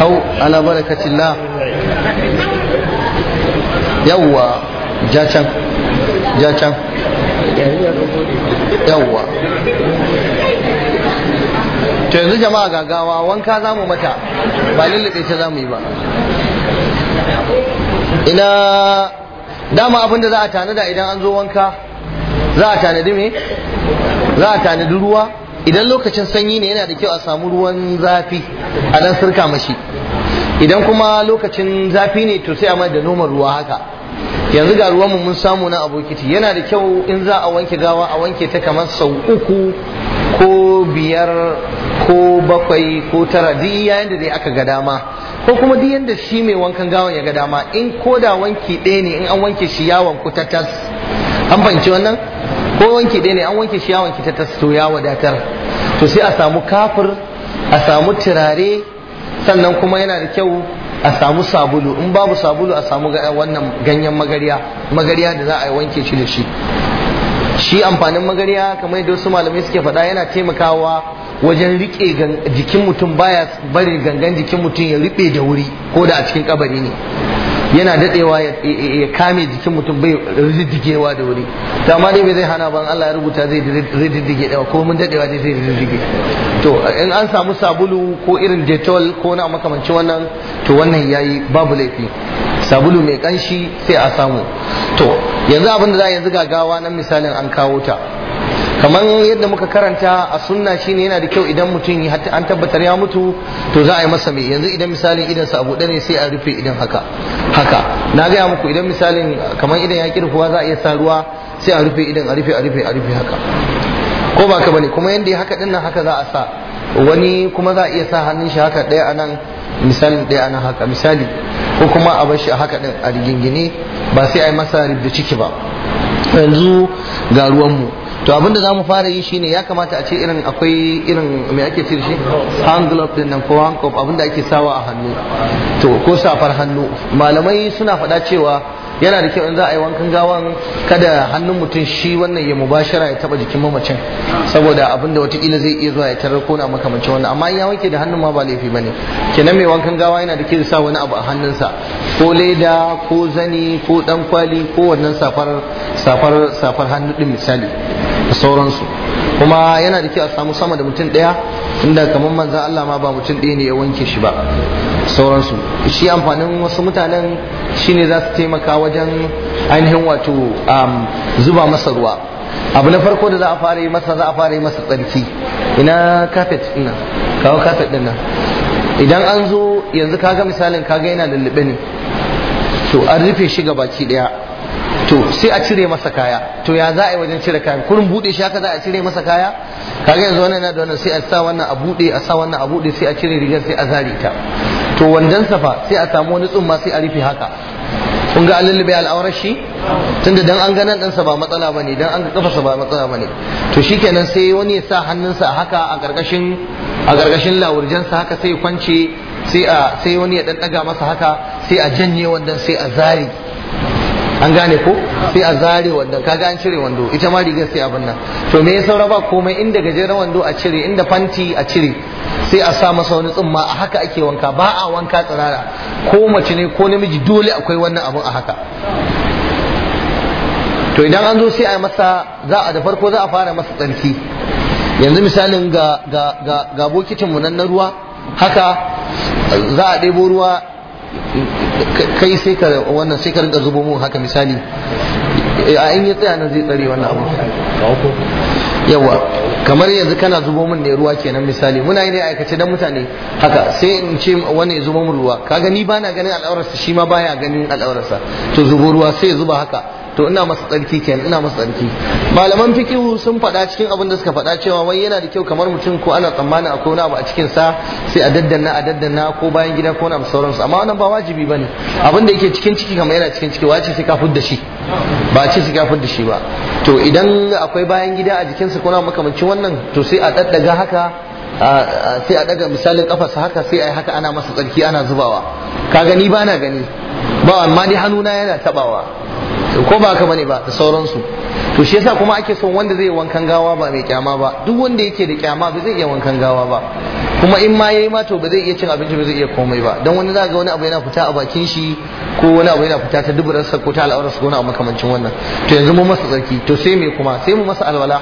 S1: hau ala barakatillah yawwa jacan jacan yawwa to yanzu jama'a gagawa wanka za mu mata ba lullube ta za mu yi ba ina dama abinda za a tanada idan an zo wanka za a tanadi me za a tanadi ruwa idan lokacin sanyi ne yana da kyau a samu ruwan zafi a dan sirka mashi idan kuma lokacin zafi ne to sai a mai da noman ruwa haka yanzu ga ruwanmu mun samu na abokiti yana da kyau in za a wanke gawa a wanke ta kamar sau uku ko biyar ko bakwai ko tara duk yayin da dai aka ga dama ko kuma duk yanda shi mai wankan gawan ya ga dama in ko da wanki ɗaya ne in an wanke shi yawon kutatas an fahimci wannan ko wanki ɗaya ne an wanke shi yawon kutatas to ya wadatar to sai a samu kafur a samu turare sannan kuma yana da kyau a samu sabulu in babu sabulu a samu wannan ganyen magariya magariya da za a wanke shi da shi shi amfanin magariya kamar yadda wasu malamai suke faɗa yana taimakawa wajen riƙe jikin mutum baya barin gangan jikin mutum ya riƙe da wuri ko da a cikin kabari ne yana dadewa ya kame jikin mutum bai riddigewa da wuri to amma dai bai zai hana ban Allah ya rubuta zai riddige dawa ko mun dadewa dai zai riddige to in an samu sabulu ko irin detol ko na makamancin wannan to wannan yayi babu laifi sabulu mai kanshi sai a samu to yanzu abin za a yanzu gagawa nan misalin an kawo ta kamar yadda muka karanta a sunna shine yana da kyau idan mutum an tabbatar ya mutu to za a yi masa mai yanzu idan misalin idan sa abu ne sai a rufe idan haka haka na gaya muku idan misalin kamar idan ya kirkuwa za a iya sa ruwa sai a rufe idan a rufe a rufe a rufe haka ko ba ka bane kuma yanda ya haka dinnan haka za a sa wani kuma za a iya sa hannun shi haka ɗaya anan misali ɗaya anan haka misali ko kuma a bar shi a haka din a rigingine ba sai a yi masa rubda ciki ba yanzu ga ruwanmu to abinda za mu fara yi shine ya kamata a ce irin akwai irin me ake ce shi hand glove din nan ko hand cup abinda ake sawa a hannu to ko safar hannu malamai suna faɗa cewa yana da kyau in za a yi wankan gawan kada hannun mutum shi wannan ya mubashara ya taba jikin mamacin saboda abinda watakila zai iya zuwa ya tarar ko na makamancin wannan amma ya wanke da hannun ma ba laifi bane kenan mai wankan gawa yana da kyau sa wani abu a hannunsa ko leda ko zani ko dan kwali ko wannan safar safar safar hannu din misali da sauransu kuma yana da kyau a samu sama da mutum ɗaya inda kamar manzan Allah ma ba mutum ɗaya ne ya wanke shi ba sauransu shi amfanin wasu mutanen shine za su taimaka wajen ainihin wato um, zuba masa ruwa abu na farko da za a fara yi masa za a fara yi masa tsarki ina kafet ina kawo kafet din nan idan an zo yanzu kaga misalin kaga yana lullube ne to an rufe shi ga baki daya to sai a cire masa kaya to ya za a yi wajen cire kaya kurin bude shi haka za a cire masa kaya kaga yanzu wannan da wannan sai a sa wannan a bude a sa wannan a bude sai a cire rigar sai a zare ta to wandan safa sai a samu wani tsumma sai a rufe haka kun ga alulube al'aurar shi tunda dan an ganan ɗansa ba matsala bane dan an ga kafarsa ba matsala bane to shikenan sai wani ya sa hannunsa haka a ƙarƙashin a ƙarƙashin lawurjansa haka sai kwance sai a sai wani ya ɗanɗaga masa haka sai a janye wannan sai a zare an gane ko sai a zare wandon kaga an cire wando ita ma rigar sai abin nan to me ya saura ba komai inda gajeren wando a cire inda fanti a cire sai a sa masa wani tsumma a haka ake wanka ba a wanka tsirara ko mace ne ko namiji dole akwai wannan abun a haka to idan an zo sai a masa za a da farko za a fara masa tsarki yanzu misalin ga ga ga, bokitin mu nan na ruwa haka za a ɗebo ruwa kai sai ka wannan sai ka rinka zubo mun haka misali eh, a in ya tsaya nan zai tsare wannan abu yawa kamar yanzu kana zubo mun ne ruwa kenan misali muna yin aikace dan mutane haka sai in ce wani ya zubo mun ruwa kaga ni bana ganin al'aurarsa shi ma baya ganin al'aurarsa to zubo ruwa sai ya zuba haka to ina masa tsarki ina masa tsarki malaman fikihu sun faɗa cikin abin da suka faɗa cewa wai yana da kyau kamar mutum ko ana tsammanin akwai wani abu a cikin sa sai a daddanna a daddanna ko bayan gida ko wani abu sauransu amma wannan ba wajibi bane abin da yake cikin ciki kamar yana cikin ciki wace sai ka fudda shi ba ce sai ka fudda shi ba to idan akwai bayan gida a jikinsa ko na makamancin wannan to sai a daddaga haka sai a daga misalin kafarsa haka sai a yi haka ana masa tsarki ana zubawa ka gani ba na gani ba amma dai hannuna yana tabawa ko ba haka bane ba da sauransu to shi yasa kuma ake son wanda zai yi wankan gawa ba mai kyama ba duk wanda yake da kyama ba zai iya wankan gawa ba kuma in ma yayi ma to ba zai iya cin abinci ba zai iya komai ba dan wani zaka ga wani abu yana fita a bakin shi ko wani abu yana fita ta sa ko ta sa ko wani abu makamancin wannan to yanzu mu masa tsarki to sai me kuma sai mu masa alwala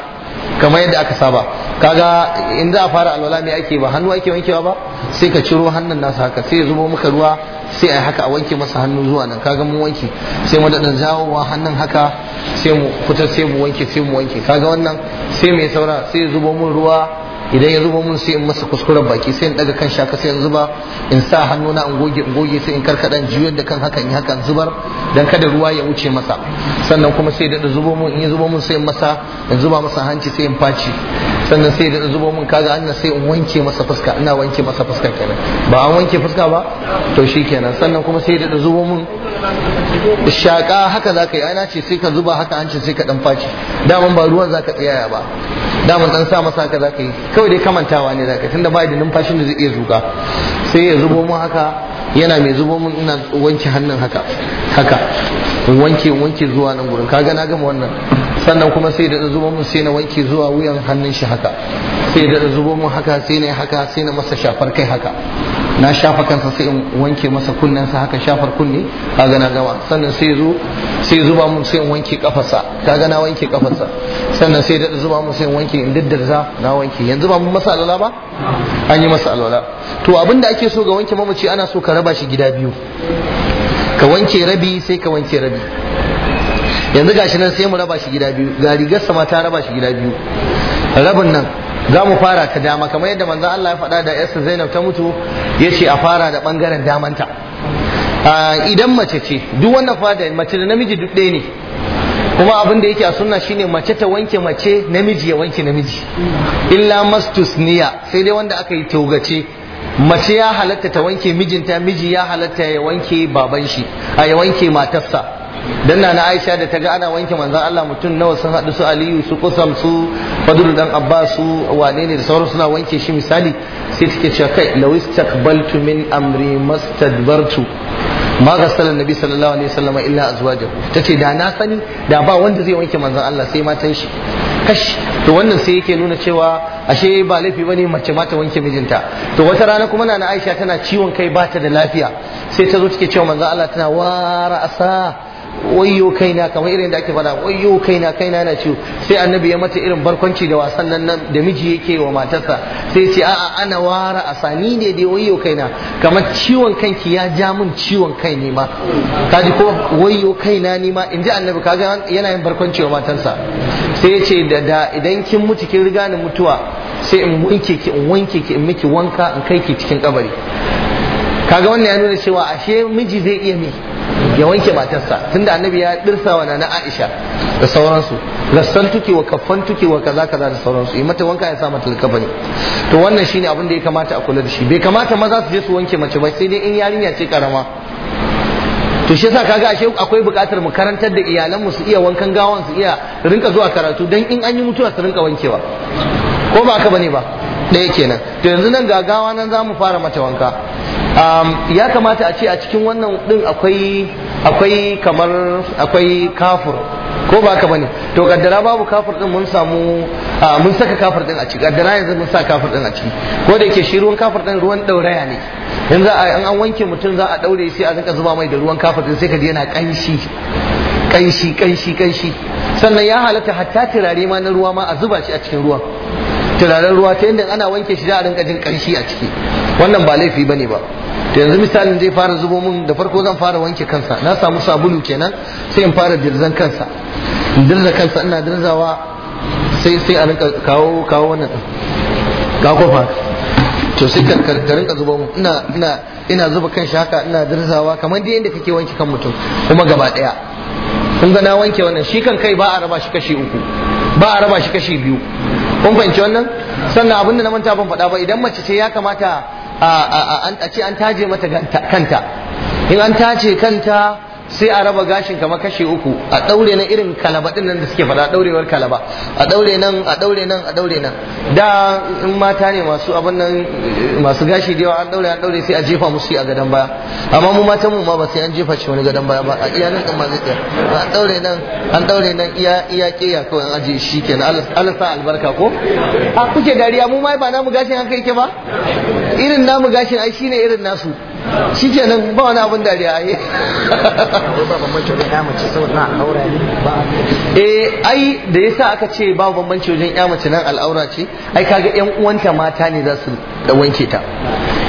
S1: kamar yadda aka saba kaga in za a fara alwala me ake ba hannu ake wankewa ba sai ka ciro hannun nasa haka sai ya zubo maka ruwa sai a haka a wanke masa hannu zuwa nan kaga mun wanke sai mu daɗa wa hannun haka sai mu fitar sai mu wanke sai mu wanke kaga wannan sai mai saura sai zubo mun ruwa idan ya zuba mun sai in masa kuskuren baki sai in daga kan shaka sai in zuba in sa hannuna in goge in goge sai in karkadan juyar da kan hakan yi hakan zubar dan kada ruwa ya wuce masa sannan kuma sai da zubo mun in ya zubo mun sai in masa in zuba masa hanci sai in faci sannan sai da zubo mun kaga annan sai in wanke masa fuska ina wanke masa fuska kenan ba an wanke fuska ba to shikenan sannan kuma sai da zubo mun shaka haka zaka yi ana ce sai ka zuba haka hanci sai ka dan faci daman ba ruwan zaka tsiyaya ba daman dan sa masa haka zaka yi kawai dai kamantawa ne zaka tunda ba da numfashin da zai iya zuka sai ya zubo mun haka yana mai zubo mun ina wanke hannun haka haka wanke wanke zuwa nan gurin kaga na gama wannan sannan kuma sai da zubo mun sai na wanke zuwa wuyan hannun shi haka sai da zubo mun haka sai na haka sai na masa shafar kai haka na shafa kansa sai in wanke masa kunnensa haka shafar kunne ka gana gama sannan sai zo sai zuba mun sai in wanke kafarsa ka gana wanke kafarsa sannan sai da zuba mun sai in wanke in diddirza na wanke yanzu ba mun masa alwala ba an yi masa alwala to abinda ake so ga wanke mamaci ana so ka raba shi gida biyu ka wanke rabi sai ka wanke rabi yanzu gashi nan sai mu raba shi gida biyu ga rigar ma ta raba shi gida biyu rabin nan za mu fara ta dama kamar yadda manzo Allah ya faɗa da yarsa Zainab ta mutu ya ce a fara da ɓangaren damanta idan mace ce duk wannan fada mace da namiji duk ɗaya ne kuma abin da yake a sunna shine mace ta wanke mace namiji ya wanke namiji illa niya sai dai wanda aka yi togace mace ya halatta ta wanke mijinta miji ya halatta ya wanke baban shi a ya wanke matarsa dan na Aisha da taga ana wanke manzon Allah mutum nawa sun hadu su Aliyu su Kusam su Fadlul dan Abbas su wane ne da sauran suna wanke shi misali sai take cewa kai law istaqbaltu min amri mastadbartu ma sallan nabi sallallahu alaihi wasallam illa azwajahu tace da na sani da ba wanda zai wanke manzon Allah sai matan shi kash to wannan sai yake nuna cewa ashe ba laifi bane mace ma wanke mijinta to wata rana kuma nana Aisha tana ciwon kai bata da lafiya sai ta zo take cewa manzon Allah tana wara asa wayo kaina kamar irin da ake faɗa wayo kaina kaina yana ciwo sai annabi ya mata irin barkwanci da wasan nan da miji yake wa matarsa sai ce a'a ana wara asani ne dai wayo kaina kamar ciwon kanki ya ja min ciwon kai ne ma kaji ko wayo kaina ne ma inji annabi kaga yana yin barkwanci wa matarsa sai ya ce da idan kin mutu kin riga ni mutuwa sai in wanke ki in wanke ki in miki wanka in kai ki cikin kabari kaga wannan ya nuna cewa ashe miji zai iya mi ya wanke matarsa tunda annabi ya dirsa wa nana Aisha da sauransu rassan tuke wa kaffan tuke wa kaza kaza da sauransu yi mata wanka ya sa mata ne. to wannan shine abin da ya kamata a kula da shi bai kamata maza su je su wanke mace ba sai dai in yarinya ce karama to shi yasa kaga ashe akwai bukatar mu karantar da iyalan mu su iya wankan gawan su iya rinka zuwa karatu dan in an yi mutuwa su rinka wankewa ko ba haka bane ba ɗaya kenan to yanzu nan ga gawa nan za mu fara mata wanka Um, ya kamata a ce a cikin wannan din akwai akwai kamar akwai kafur ko ba ka bane to kaddara babu kafur din mun samu mun saka kafur din a ciki kaddara yanzu mun sa kafur din a ciki ko da yake shi ruwan kafur din ruwan dauraya ne in an wanke mutum za a daure sai a rinka zuba mai da ruwan kafur din sai ka yana kanshi kanshi kanshi kanshi sannan ya halatta hatta turare ma na ruwa ma a zuba shi a cikin ruwa turaren ruwa ta yadda ana wanke shi za a rinka jin kanshi a ciki wannan ba laifi bane ba to yanzu misalin zai fara zubo mun da farko zan fara wanke kansa na samu sabulu kenan sai in fara dirzan kansa in dirza kansa ina dirzawa sai sai a rinka kawo kawo wannan ga kofa to sai ka rinka zuba mun ina ina ina zuba kan shi haka ina dirzawa kamar dai inda kake wanke kan mutum kuma gaba daya kun ga na wanke wannan shi kan kai ba a raba shi kashi uku ba a raba shi kashi biyu kun fahimci wannan sannan abinda na manta ban faɗa ba idan mace ce ya kamata a ce an taje mata kanta in an tace kanta sai a raba gashin kama kashe uku a daure na irin kalaba din nan da suke fada daurewar kalaba a daure nan a daure nan a daure nan da in mata ne masu abin nan masu gashi da yawa an daure an daure sai a jefa musu a gadon baya amma mu matan mu ma ba sai an jefa shi wani gadon baya ba a iya nan ma zai an daure nan an daure nan iya iya kiya kawai an aje shi kenan Allah sa albarka ko a kuke dariya mu ma ba namu gashin kai ke ba irin namu gashin ai shine irin nasu shikenan ba wani abin dariya ai ba eh ai da yasa aka ce ba bambanci wajen ya mace nan al'aura ce ai kaga yan uwanta mata ne za su wanke ta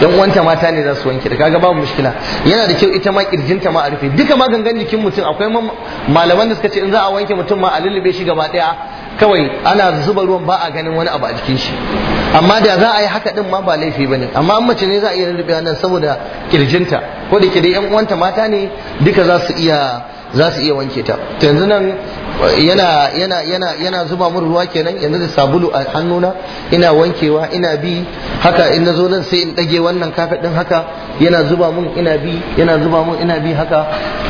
S1: yan uwanta mata ne za su wanke ta kaga babu mushkila yana da kyau ita ma kirjinta ma a rufe duka ma gangan jikin mutum akwai malaman da suka ce in za a wanke mutum ma a lullube shi gaba daya kawai ana zuba ruwan ba a ganin wani abu a jikin shi amma da za a yi haka din ma ba laifi bane amma an mace ne za a iya rubewa nan saboda kirjinta ko da ke da yan uwanta mata ne duka za su iya za su iya wanke ta to yanzu nan yana yana yana yana zuba mun ruwa kenan yanzu da sabulu a hannuna ina wankewa ina bi haka in nazo nan sai in dage wannan kafa din haka yana zuba mun ina bi yana zuba mun ina bi haka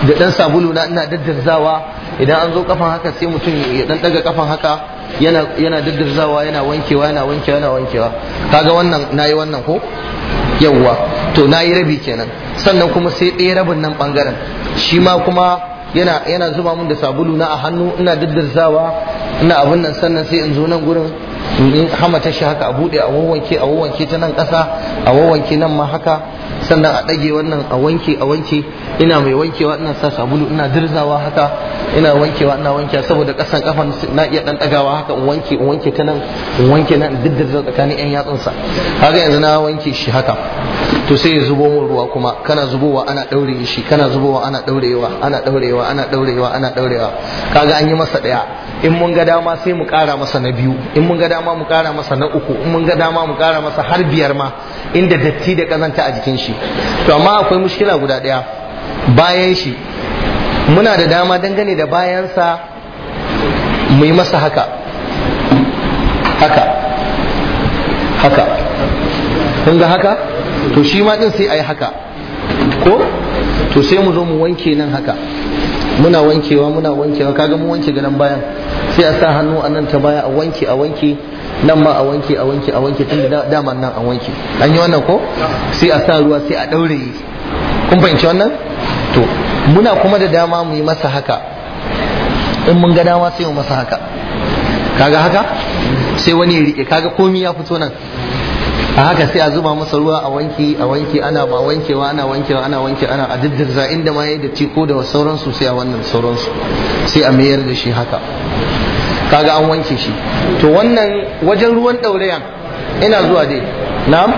S1: da dan sabulu na ina daddarzawa idan an zo kafan haka sai mutum ya dan daga kafan haka yana yana daddirzawa yana wankewa yana wankewa yana wankewa kaga wannan nayi wannan ko yawwa to nayi rabi kenan sannan kuma sai ɗaya rabin nan bangaren shi ma kuma yana yana zuba mun da sabulu na a hannu ina daddirzawa ina abin nan sannan sai in zo nan gurin in hama ta shi haka a bude a wawanke a wawanke ta nan ƙasa a wawanke nan ma haka sannan a ɗage wannan a wanke a wanke ina mai wankewa ina sa sabulu ina dirzawa haka ina wankewa ina wanke saboda ƙasan ƙafan na iya ɗan ɗagawa haka in wanke in wanke ta nan in wanke nan diddirza tsakanin yan yatsunsa haka yanzu na wanke shi haka to sai ya zubo mun ruwa kuma kana zubowa ana ɗaure shi kana zubowa ana ɗaurewa ana ɗaurewa ana ɗaurewa ana ɗaurewa kaga an yi masa ɗaya in mun ga dama sai mu ƙara masa na biyu in mun ga dama mu ƙara masa na uku in mun ga dama mu ƙara masa har biyar ma inda datti da ƙazanta a jikin shi to amma akwai mushkila guda ɗaya bayan shi muna da dama dangane da bayansa mu yi masa haka haka haka kun ga haka to shi ma ɗin sai a yi haka ko to sai mu zo mu wanke nan haka muna wankewa muna wankewa kaga mu wanke ga nan bayan sai a sa hannu a nan ta baya a wanke a wanke nan ma a wanke a wanke a wanke tun da dama nan a wanke an yi wannan ko sai a sa ruwa sai a daure kun fahimci wannan to muna kuma da dama mu yi masa haka in mun ga dama sai mu masa haka kaga haka sai wani ya rike kaga komi ya fito nan a haka sai a zuba masa ruwa a wanki a wanki ana ba wankewa ana wankewa ana wanke ana a diddirza inda ma yayi da ci ko da sauransu sai a wannan sauransu sai a mayar da shi haka kaga an wanke shi to wannan wajen ruwan ɗaurayan ina zuwa dai na'am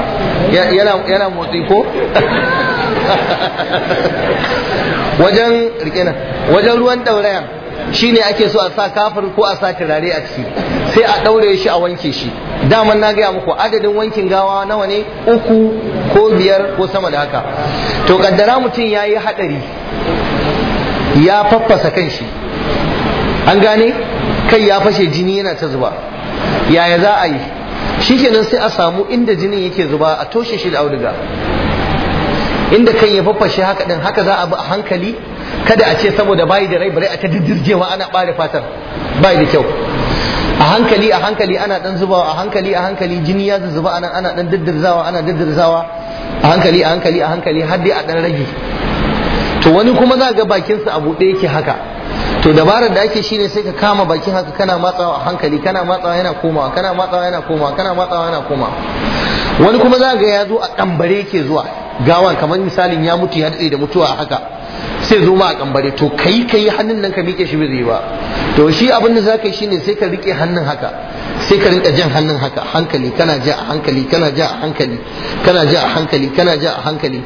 S1: yana motsi ko wajen rike wajen ruwan ɗaurayan Shi ne ake so a sa kafin ko a sa turare a ciki sai a ɗaure shi a wanke shi daman na gaya muku adadin wankin gawa nawa ne uku ko biyar ko sama da haka to kaddara mutum ya yi haɗari ya faffasa kan shi an gane kai ya fashe jini yana ta zuba yaya za a yi kenan sai a samu inda jinin yake zuba a toshe shi da auduga inda kan ya faffashe haka din haka za a bi a hankali kada a ce saboda bayi da rai bare a ta diddirjewa ana bare fatar bayi da kyau a hankali a hankali ana dan zubawa a hankali a hankali jini ya zuzuba ana ana dan diddirzawa ana diddirzawa a hankali a hankali a hankali har dai a dan rage to wani kuma za ga bakinsa abu da yake haka to dabarar da ake shine sai ka kama bakin haka kana matsawa a hankali kana matsawa yana komawa kana matsawa yana komawa kana matsawa yana komawa wani kuma za ga ya zo a ɗambare yake zuwa gawan kamar misalin ya mutu ya dade da mutuwa a haka sai zo ma a kambare to kai kai hannun nan ka rike shi bai ba to shi abin da zaka yi shine sai ka rike hannun haka sai ka rinka jan hannun haka hankali kana ja a hankali kana ja a hankali kana ja a hankali kana ja a hankali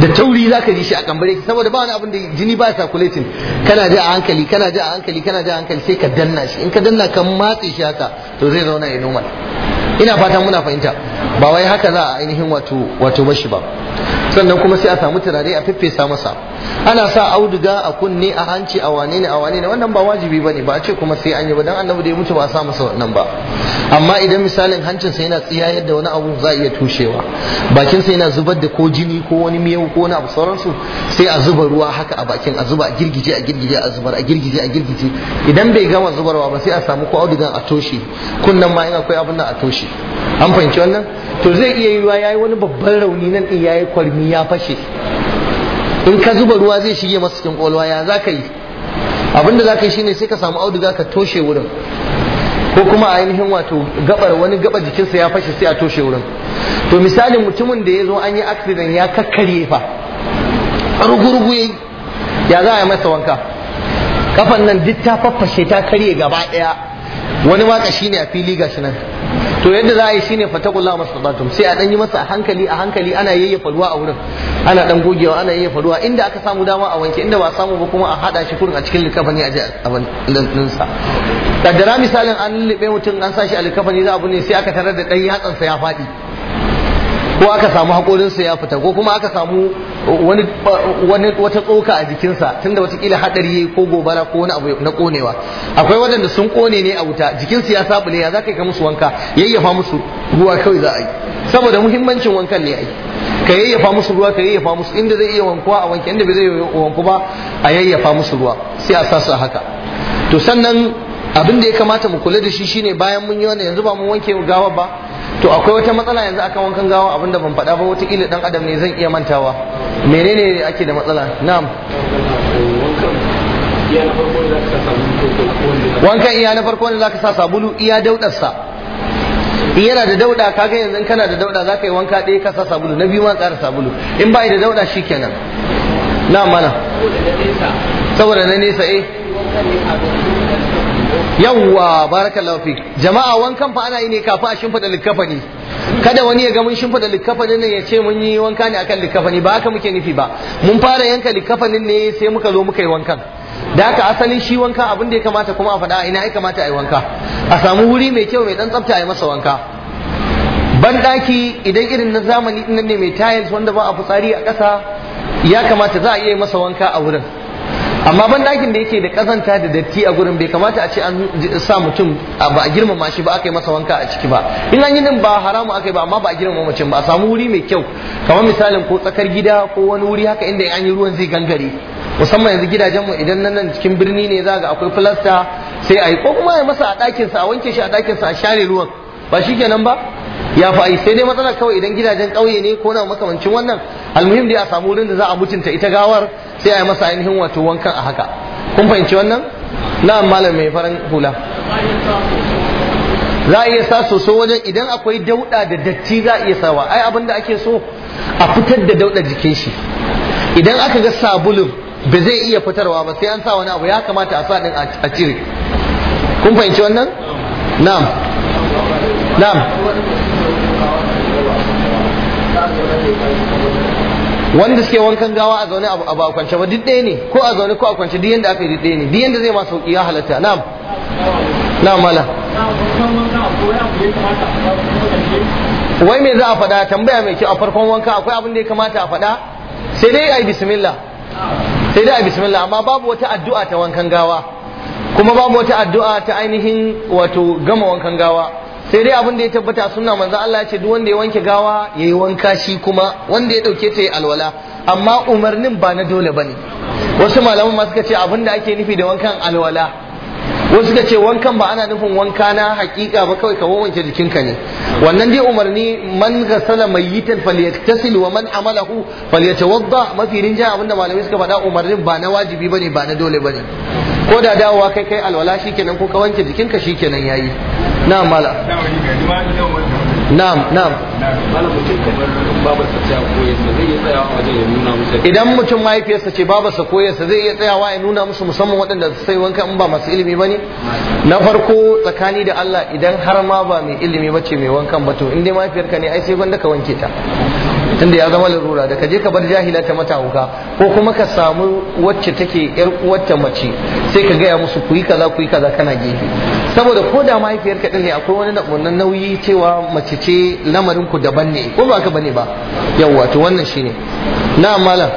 S1: da tauri zaka ji shi a kambare saboda ba wani abin da jini ba circulating kana ja a hankali kana ja a hankali kana ja a hankali sai ka danna shi in ka danna kan matse shi haka to zai zauna ya normal ina fata muna fahimta ba wai haka za a ainihin wato wato bashi ba sannan kuma sai a samu turare a fiffesa masa ana sa auduga a kunne a hanci a wane ne a wane ne wannan ba wajibi bane ba a ce kuma sai an yi ba dan annabi da ya mutu ba a sa masa wannan ba amma idan misalin hancin hancinsa yana tsiya yadda wani abu za a iya tushewa bakinsa yana zubar da ko jini ko wani miyau ko wani abu sauransu sai a zuba ruwa haka a bakin a zuba a girgije a girgije a zubar a girgije a girgije idan bai gama zubarwa ba sai a samu ko audugan a toshe kunnan ma in akwai abin nan a toshe an fahimci wannan to zai iya yi yiwa yayi wani babban rauni nan din yayi kwarmi ya fashe in ka zuba ruwa zai shige masa cikin kwalwa ya za ka yi abinda za ka yi shine sai ka samu auduga ka toshe wurin ko kuma a ainihin wato gabar wani gaba jikinsa ya fashe sai a toshe wurin to misali mutumin da ya zo an yi accident ya kakkarye fa rugurugu yayi ya za a yi masa wanka kafan nan duk ta faffashe ta karye gaba daya wani waka shine a fili ga shi nan to yadda za a yi shine fatakullahu mastadatum sai a dan yi masa a hankali a hankali ana yayyafa ruwa a wurin ana dan gogewa ana yayyafa ruwa inda aka samu dama a wanke inda ba samu ba kuma a hada shi kurin a cikin likafani a je abin sa kaddara misalin an libe mutum an sashi a likafani za abu ne sai aka tarar da dan sa ya faɗi, ko aka samu sa ya fita ko kuma aka samu wani wani wata tsoka a jikinsa tunda watakila hadari yayi ko gobara ko wani abu na konewa akwai wadanda sun kone ne a wuta jikinsu ya sabule ya zaka ka musu wanka yayyafa musu ruwa kawai za a yi saboda muhimmancin wankan ne yi ka yayyafa musu ruwa ka yayyafa musu inda zai iya wankuwa a wanke inda bai zai wanku ba a yayyafa musu ruwa sai a sasu a haka to sannan abin da ya kamata mu kula da shi shine bayan mun yi wannan yanzu ba mun wanke gawa ba to akwai wata matsala yanzu akan wankan gawa abinda ban faɗa ba wataƙila ɗan adam ne zan iya mantawa menene ne ake da matsala na'am
S2: wankan iya na farko
S1: ne zaka sa sabulu iya daudarsa yana da dauda kaga yanzu in kana da dauda zaka yi wanka ɗaya ka sa sabulu na biyu ma ƙara sabulu in ba da dauda shikenan na'am mana saboda na nesa eh yawwa barakallahu fik jama'a wankan fa ana yi ne kafa a shimfiɗa ne kada wani ya ga mun shimfiɗa likkafanin ne ya ce mun yi wanka ne akan likkafani ba haka muke nufi ba mun fara yanka likkafanin ne sai muka zo muka yi wankan da haka asalin shi wanka abin da ya kamata kuma a faɗa ina ya kamata a yi wanka a samu wuri mai kyau mai ɗan tsafta a yi masa wanka banɗaki idan irin na zamani nan ne mai tiles wanda ba a fitsari a ƙasa ya kamata za a iya masa wanka a wurin amma ban dakin da yake da kazanta da datti a gurin bai kamata a ce an sa mutum ba a girmama shi ba aka yi masa wanka a ciki ba in an yi din ba haramu aka ba amma ba a girmama mutum ba a samu wuri mai kyau kamar misalin ko tsakar gida ko wani wuri haka inda an yi ruwan zai gangare musamman yanzu gidajen mu idan nan cikin birni ne za ga akwai filasta sai a yi ko kuma ya masa a ɗakinsa a wanke shi a ɗakinsa a share ruwan ba shi kenan ba ya fa ai sai dai matsala kawai idan gidajen ƙauye ne ko na makamancin wannan almuhim dai a samu wurin da za a mutunta ita gawar sai a yi masa ainihin wato wankan a haka kun fahimci wannan na malam mai faran hula za a iya sa soso wajen idan akwai dauda da datti za a iya sawa ai abin da ake so a fitar da dauda jikin shi idan aka ga sabulun ba zai iya fitarwa ba sai an sa wani abu ya kamata a sa din a cire kun fahimci wannan na'am na'am wanda suke wankan gawa a zaune a ba kwance ba duk ɗaya ne ko a zaune ko a kwance duk yanda aka yi duk ɗaya ne duk yanda zai ma sauki ya halatta na'am na'am mala wai me za a faɗa tambaya mai kyau a farkon wanka akwai abin da ya kamata a faɗa sai dai ai bismillah sai dai ai bismillah amma babu wata addu'a ta wankan gawa kuma babu wata addu'a ta ainihin wato gama wankan gawa sai dai abin da ya tabbata sunna manzo Allah ya ce duk wanda ya wanke gawa yayi wanka shi kuma wanda ya dauke ta yi alwala amma umarnin ba na dole bane wasu malaman ma suka ce abin da ake nufi da wankan alwala wasu suka ce wankan ba ana nufin wanka na hakika ba kawai ka wanke jikinka ne wannan dai umarni man gasala mayyitan falyaktasil wa man amalahu falyatawadda mafi rinja abinda malamai suka faɗa umarnin ba na wajibi bane ba na dole bane ko da dawowa kai kai alwala shikenan ko ka wanke jikinka shikenan yayi na'am mala na'am na'am idan mutum mahaifiyarsa ce babarsa ko sa zai iya tsayawa ya nuna musu musamman waɗanda sai wanka in ba masu ilimi bane na farko tsakani da Allah idan har ma ba mai ilimi bace mai wankan ba to in dai mahaifiyarka ne ai sai gwanda ka wanke ta tunda ya zama larura da ka je ka bar jahila ta mata hauka ko kuma ka samu wacce take yar uwarta mace sai ka gaya musu ku yi kaza ku yi kaza kana gefe saboda ko da mahaifiyar ka ne akwai wani wannan nauyi cewa mace ce lamarin ku daban ne ko ba ka bane ba yawwa to wannan shine na malam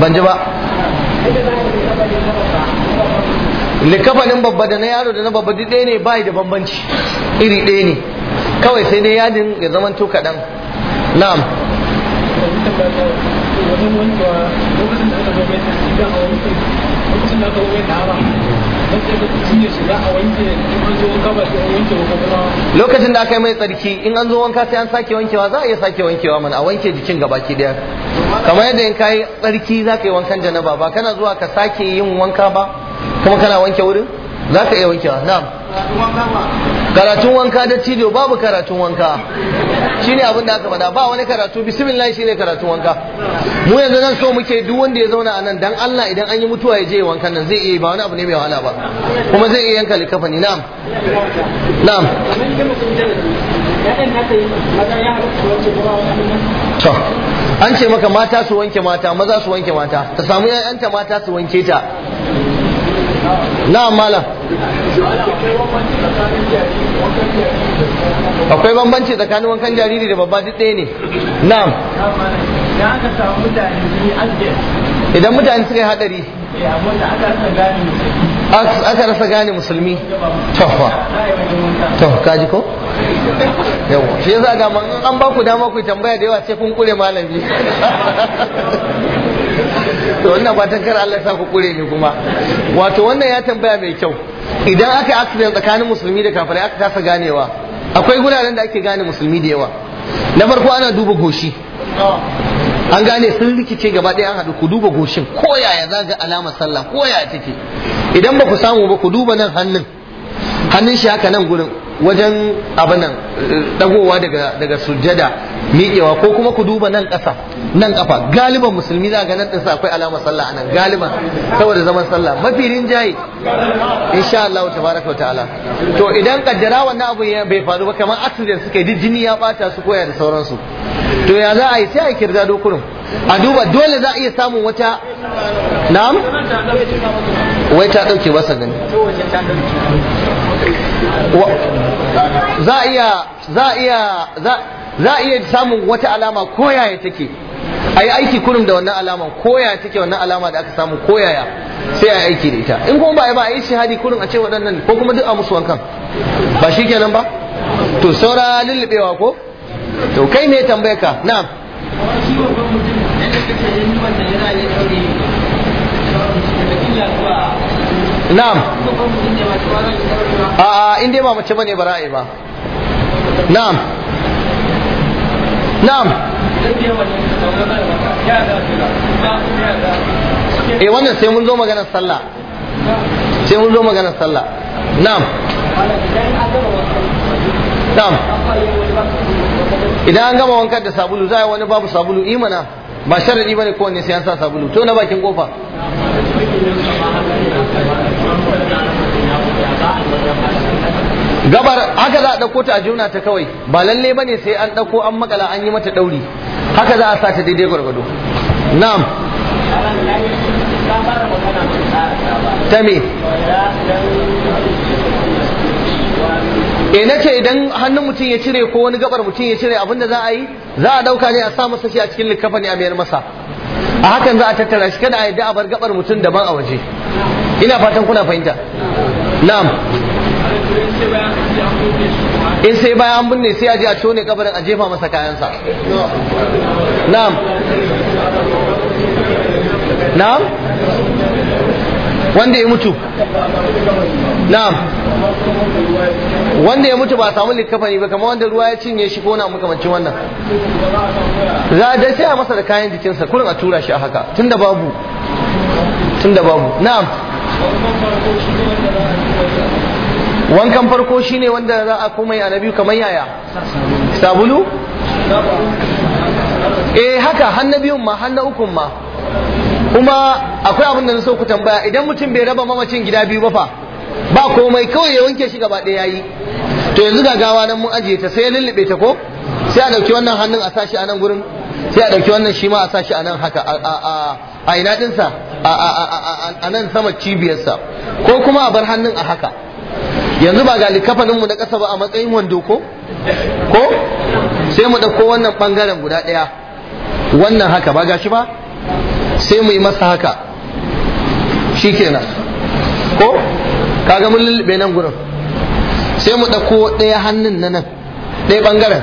S1: ban ji ba likafanin babba da na yaro da na babba duk ɗaya ne bai da bambanci iri ɗaya ne kawai sai dai yadin ya to kaɗan na'am lokacin da aka yi mai tsarki in an zo wanka sai an sake wankewa za a iya sake wankewa mana a wanke jikin ki daya kamar yadda in kayi tsarki za ka yi wankan janaba ba kana zuwa ka sake yin wanka ba kuma kana wanke wurin za ka iya wankewa na'am karatun wanka da cijo babu karatun wanka shine abin da aka faɗa ba wani karatu bismillah shine karatun wanka mu yanzu nan so muke duk wanda ya zauna a nan dan Allah idan an yi mutuwa ya je wankan nan zai iya ba wani abu ne mai wahala ba kuma zai iya yanka likafani na'am na'am to an ce maka mata su wanke mata maza su wanke mata ta samu 'ya'yanta mata su wanke ta na'am malam akwai bambanci tsakanin wankan jariri da babba duk ɗaya ne na'am
S2: idan mutane suka yi hadari
S1: aka rasa gane musulmi tofa to kaji ko yau shi yasa ga man an ba ku dama ku tambaya da yawa sai kun kure malami to ba fatan kar Allah ya sa ku kure ni kuma wato wannan ya tambaya mai kyau idan aka yi accident tsakanin musulmi da kafirai aka kasa ganewa akwai guraren da ake gane musulmi da yawa na farko ana duba goshi an gane sun rikice gaba ɗaya an haɗu ku duba goshin ko yaya za ga alama sallah ko yaya take idan ba ku samu ba ku duba nan hannun hannun shi haka nan gurin wajen abin nan dagowa daga daga sujjada miƙewa ko kuma ku duba nan ƙasa nan ƙafa galiban musulmi za ga nan ɗinsa akwai alamar sallah anan galiban saboda zaman sallah mafi rinjaye insha Allah baraka wa ta'ala to idan kaddara wannan abu bai faru ba kamar accident suka yi jini ya bata su koya da sauransu to ya za a yi sai a kirga dokurin a duba dole za a iya samun wata na'am wai ta dauke sa gani za a iya za a iya za a iya samun wata alama koyaya take a yi aiki kurum da wannan alama koyaya take wannan alama da aka samu koyaya sai a yi aiki da ita in kuma ba a yi ba a yi shahadi kurum a ce waɗannan ko kuma duk a musu wankan ba shi kenan ba
S2: to saura
S1: lullubewa ko to kai me tambaya ka na'am na'am a in dai ba mace bane ba ra'ayi ba na'am na'am eh, wannan sai mun zo sallah sai mun zo sallah idan an gama wankar da sabulu za a wani babu sabulu imana ba sharadi bane kowanne sai an sa sabulu to na bakin kofa gabar haka za a ɗauko ta a juna ta kawai ba lalle ba ne sai an ɗauko an makala an yi mata ɗauri haka za a sa ta daidai gwargwado na'am ta me e ce idan hannun mutum ya cire ko wani gabar mutum ya cire abinda za a yi za a ɗauka ne a sa masa shi a cikin likafa ne a mayar masa a hakan za a tattara shi kada a yadda a bar gabar mutum daban a waje ina fatan kuna fahimta na'am in sai bayan an binne sai a je a tone kabarin a jefa masa kayansa na'am na'am wanda ya mutu na'am wanda ya mutu ba samu likafani ba kamar wanda ruwa ya cinye shi ko na makamancin wannan za a sai a masa da kayan jikinsa kurin a tura shi a haka tunda babu tunda babu na'am wankan farko shine wanda za a komai a nabi kamar yaya sabulu eh haka har biyun ma har ukun ma kuma akwai abin da na so ku tambaya idan mutum bai raba mamacin gida biyu ba fa ba komai kawai ya wanke shi gaba ɗaya yayi to yanzu ga gawa nan mun ajiye ta sai ya lullube ta ko sai a ɗauki wannan hannun a sashi a nan gurin sai a ɗauki wannan shi ma a sashi a nan haka a ina a nan sama cibiyarsa ko kuma a bar hannun a haka yanzu ba ga mu na ƙasa ba a matsayin wando ko ko sai mu ɗauko wannan ɓangaren guda ɗaya wannan haka ba gashi ba sai mu yi masa haka shi kenan ko kaga mun lullube nan gurin sai mu ɗauko ɗaya hannun na nan ɗaya ɓangaren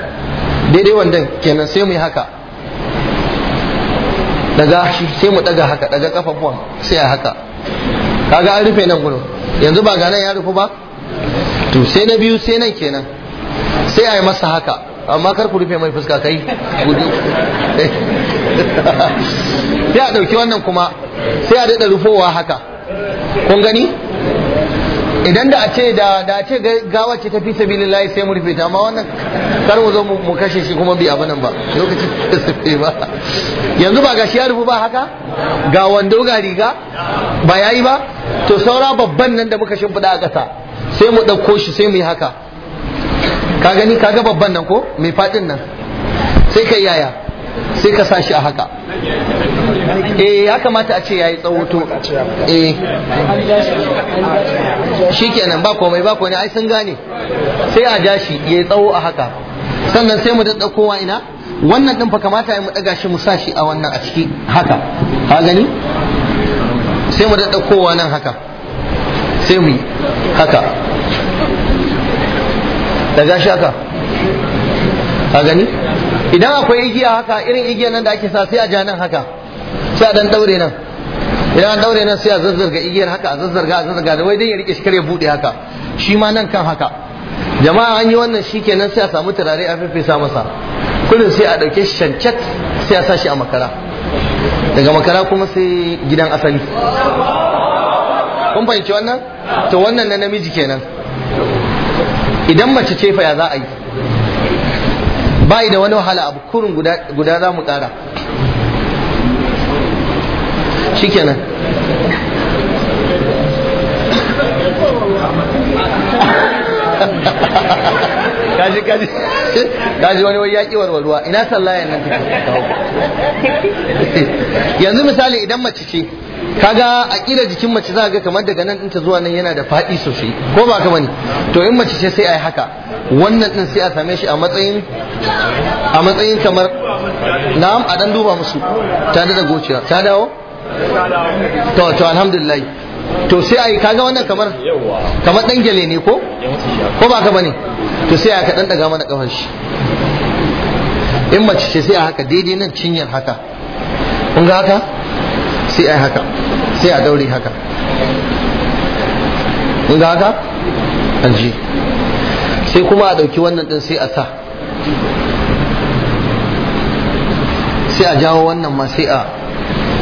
S1: daidai wandan kenan sai mu yi haka daga shi sai mu ɗaga haka daga ƙafafuwan sai a haka kaga an rufe nan gurin yanzu ba ga nan ya rufe ba to sai na biyu sai nan kenan sai a yi masa haka amma kar ku rufe mai fuska kai gudu sai a ɗauki wannan kuma sai a daɗa rufowa haka kun gani idan da a ce da da a ce gawa ce ta fi sabilillahi sai mu rufe ta amma wannan kar mu zo mu kashe shi kuma bi abinan ba lokacin da sufe ba yanzu ba shi ya rufu ba haka ga wando ga riga ba yayi ba to saura babban nan da muka shimfiɗa a ƙasa sai mu ɗauko shi sai mu yi haka ka gani ka ga babban nan ko mai faɗin nan sai ka yaya sai ka sa shi a haka eh ya kamata a ce yayi tsawo to eh shikenan ba komai ba komai ai sun gane sai a ja shi yi tsawo a haka sannan sai mu dadda kowa ina wannan ɗin fa kamata ya mu ɗaga shi mu sa shi a wannan a ciki haka ka gani sai mu dadda kowa nan haka sai mu haka daga shi haka a gani idan akwai igiya haka irin igiya nan da ake sa sai a ja nan haka sai a dan daure nan idan an daure nan sai a zazzarga igiyar haka a zazzarga a zazzarga da wai dai ya rike shi kare bude haka shi ma nan kan haka jama'a an yi wannan kenan sai a samu turare a sa masa kullum sai a dauke shi shancat sai a sa shi a makara daga makara kuma sai gidan asali kun fahimci wannan to wannan na namiji kenan idan mace ce fa ya za a yi bai da wani wahala abu kurin guda za mu kara Shi kenan. kaji wani wani yaƙi warwarwa ina sallaya nan yanzu misali idan mace ce kaga a kila jikin mace za ga kamar daga nan ta zuwa nan yana da faɗi sosai ko ba ka ne? to in mace ce sai a yi haka wannan din sai a same shi a matsayin a matsayin kamar na'am a ɗan duba musu ta da gociya ta dawo
S2: to to alhamdulillah to sai a yi kaga wannan kamar kamar ɗan gele
S1: ne ko ko ba ka ne? to sai a ka dan daga mana kafar shi in mace ce sai a haka daidai nan cinyar haka kun ga haka sai a haka sai a daure haka in ga haka an ji sai kuma a ɗauki wannan din sai a sa sai a jawo wannan ma sai a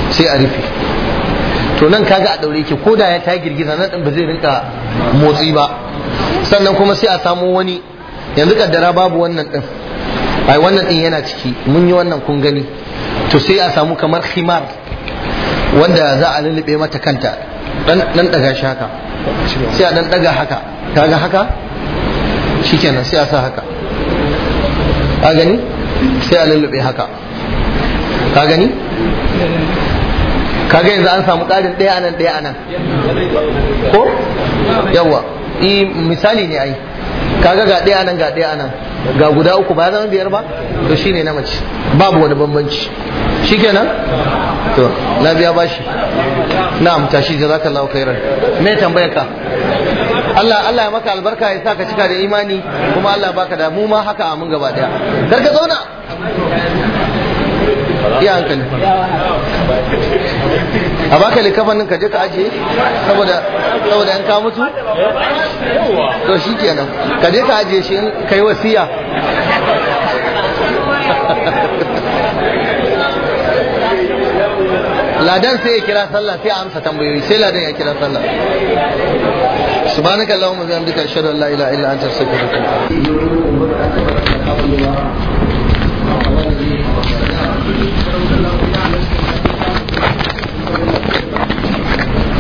S1: sai a rufe to nan kaga a daure ke ko da ya ta girgiza nan din ba zai rinka motsi ba sannan kuma sai a samu wani yanzu kaddara babu wannan din ai wannan din yana ciki mun yi wannan kun gani to sai a samu kamar khimar wanda za a lullube mata kanta dan daga shi haka sai a dan daga haka kaga haka shikenan sai a sa haka ka gani sai a lullube haka ka gani ga yanzu an samu ƙarin ɗaya anan ɗaya anan
S2: ko yawa
S1: misali ne ai kaga ga ɗaya nan ga ɗaya nan ga guda uku ba zama biyar ba to shine na mace babu wani bambanci shikenan to na biya bashi na'am tashi jazakallahu khairan me tambayar ka Allah Allah ya maka albarka ya sa ka cika da imani kuma Allah baka da mu ma haka amin gaba daya kar ka zauna ya hankali a baka likafanin ka je ka ajiye saboda saboda yan ka mutu to shi kenan ka je ka ajiye shi in kai wasiya ladan sai ya kira sallah sai a amsa tambayoyi sai ladan ya kira sallah subhanaka allahumma wa bihamdika ashhadu an la ilaha illa anta astaghfiruka wa atubu ilaik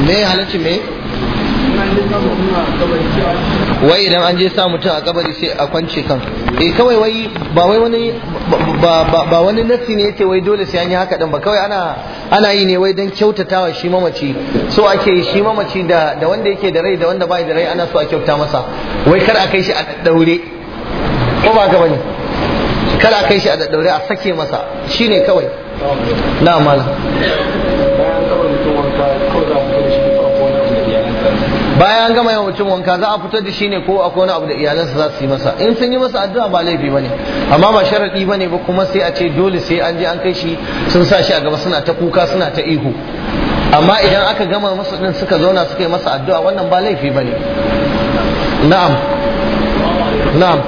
S1: me halarci me wai idan an je sa mutum a kabari sai a kwance kan e kawai wai ba wai wani ba wani nasi ne yake wai dole sai an yi haka din ba kawai ana ana yi ne wai dan kyautatawa shi mamaci so ake shi mamaci da da wanda yake da rai da wanda bai da rai ana so a kyauta masa wai kar a kai shi a daure ko ba ka bane kada a kai shi a daddaure a sake masa shine kawai na mala bayan gama yawan mutum wanka za a fitar da shi ne ko akwai wani abu da iyalansa za su yi masa in sun yi masa addu'a ba laifi ba ne amma ba sharaɗi ba ne ba kuma sai a ce dole sai an je an kai shi sun sa shi a gaba suna ta kuka suna ta ihu amma idan aka gama masa din suka zauna suka yi masa addu'a wannan ba laifi ba ne na'am na'am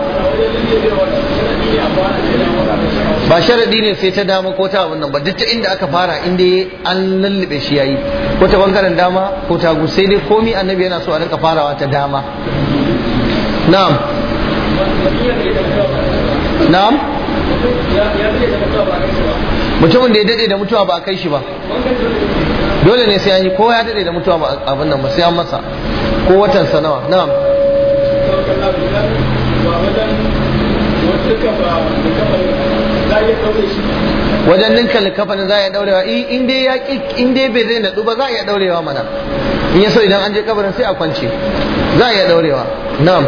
S1: ba sharadi ne sai ta dama ko ta abin nan ba duk ta inda aka fara inda an lullube shi yayi ko ta bangaren dama ko ta gu sai dai komi annabi yana so a rinka farawa ta dama na'am na'am mutumin da ya dade da mutuwa ba a kai shi ba dole ne sai an yi ko ya dade da mutuwa ba abin nan ba sai an masa ko watan sanawa na'am wajen wajen ninka likafanin za a iya daurewa in dai ya in dai bai zai nadu ba za a iya daurewa mana in ya so idan an je kabarin sai a kwance za a iya daurewa na'am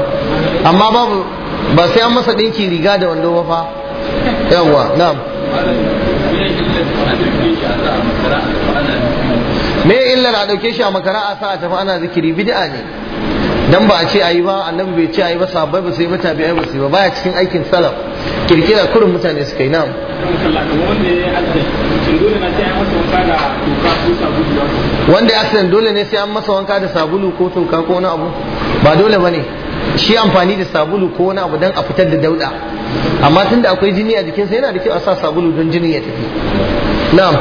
S1: amma babu ba sai an masa dinki riga da wando ba fa yawwa na'am me illar a dauke shi a makara a sa a tafi ana zikiri bid'a ne dan ba a ce ayi ba annabi bai ce ayi ba sahabbai ba su yi ba tabi'ai ba su ba baya cikin aikin salaf kirkira kurin mutane su na. wanda ya dole ne sai an masa wanka da sabulu ko toka ko wani abu ba dole bane shi amfani da sabulu ko wani abu don a fitar da dauda amma tun da akwai jini a jikinsa yana da kyau a sa sabulu don jinin ya tafi na'am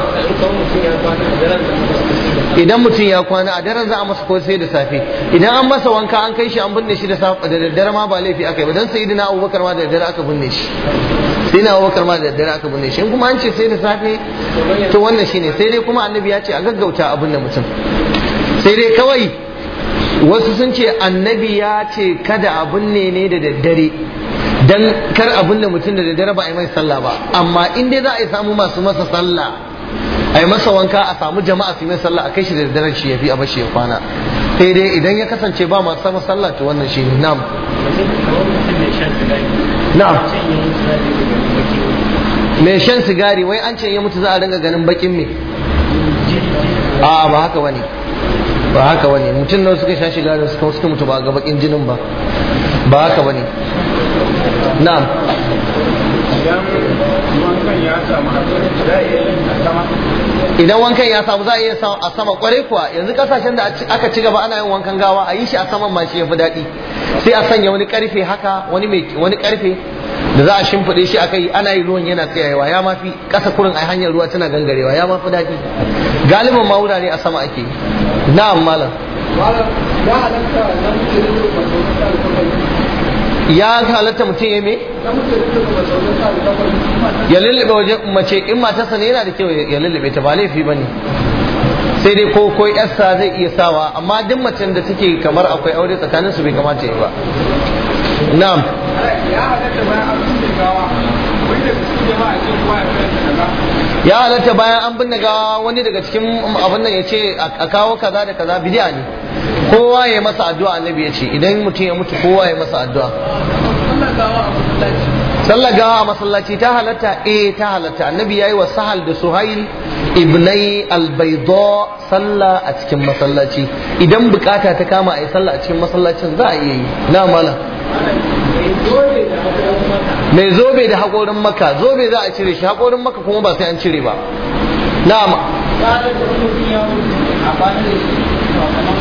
S2: idan mutum ya kwana a daren za
S1: a masa ko sai da safe idan an masa wanka an kai shi an binne shi da daddare ma ba laifi aka yi ba don sai na abubakar ma da daddare aka binne shi sai na abubakar ma da daddare aka binne shi in kuma an ce sai da safe to wannan shine sai dai kuma annabi ya ce a gaggauta abin da mutum sai dai kawai wasu sun ce annabi ya ce kada abun ne ne da daddare dan kar a binne mutum da daddare ba a yi mai sallah ba amma in dai za a yi samu masu masa sallah a yi masa wanka a samu jama'a su mai sallah a kai shi da daddare shi ya fi a bashi ya kwana sai dai idan ya kasance ba masu sama sallah to wannan shi ne na'am na'am mai shan sigari wai an ce ya mutu za a dinga ganin bakin me a ba haka bane ba haka bane mutum nawa suka sha shiga da suka suka mutu ba ga bakin jinin ba ba haka bane na'am idan wankan ya samu za a iya a sama kwarai kuwa yanzu kasashen da aka ci gaba ana yin wankan gawa a yi shi a saman ma shi ya fi daɗi sai a sanya wani karfe haka wani mai wani karfe
S2: da za a shimfiɗe
S1: shi yi ana yi ruwan yana tsayawa ya mafi ƙasa kurin a hanyar ruwa tana gangarewa ya mafi daɗi galibin ma wurare a sama ake yi na'am malam ya halatta mutum ya me ya lullube wajen mace in matarsa ne yana da kyau ya lullube ta ba laifi ba ne sai dai ko ko zai iya sawa amma duk macen da suke kamar akwai aure tsakaninsu bai kamata ya ba
S2: na'am ya halatta bayan
S1: an binne gawa wani daga cikin abin da ya ce a kawo kaza da kaza bidiya ne kowa ya masa addu'a annabi ya ce idan mutum ya mutu kowa ya masa addu'a sallar gawa a masallaci ta halatta eh ta halatta annabi ya yi wa sahal da suhail ibnai albaidọ sallah a cikin masallaci idan bukata ta kama a yi sallah a cikin masallacin za a iya yi na mana. mai zobe da haƙorin maka zobe za a cire shi haƙorin maka kuma ba sai an cire ba na'am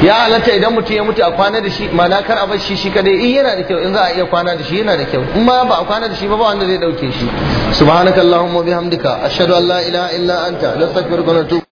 S1: ya halatta idan mutum ya mutu a kwana da shi mana kar a bar shi shi kadai in eh, yana da kyau in za a iya kwana da shi yana da kyau in ma ba a kwana da shi ba ba wanda zai dauke shi subhanakallahumma bihamdika ashhadu an la ilaha illa anta nastaghfiruka wa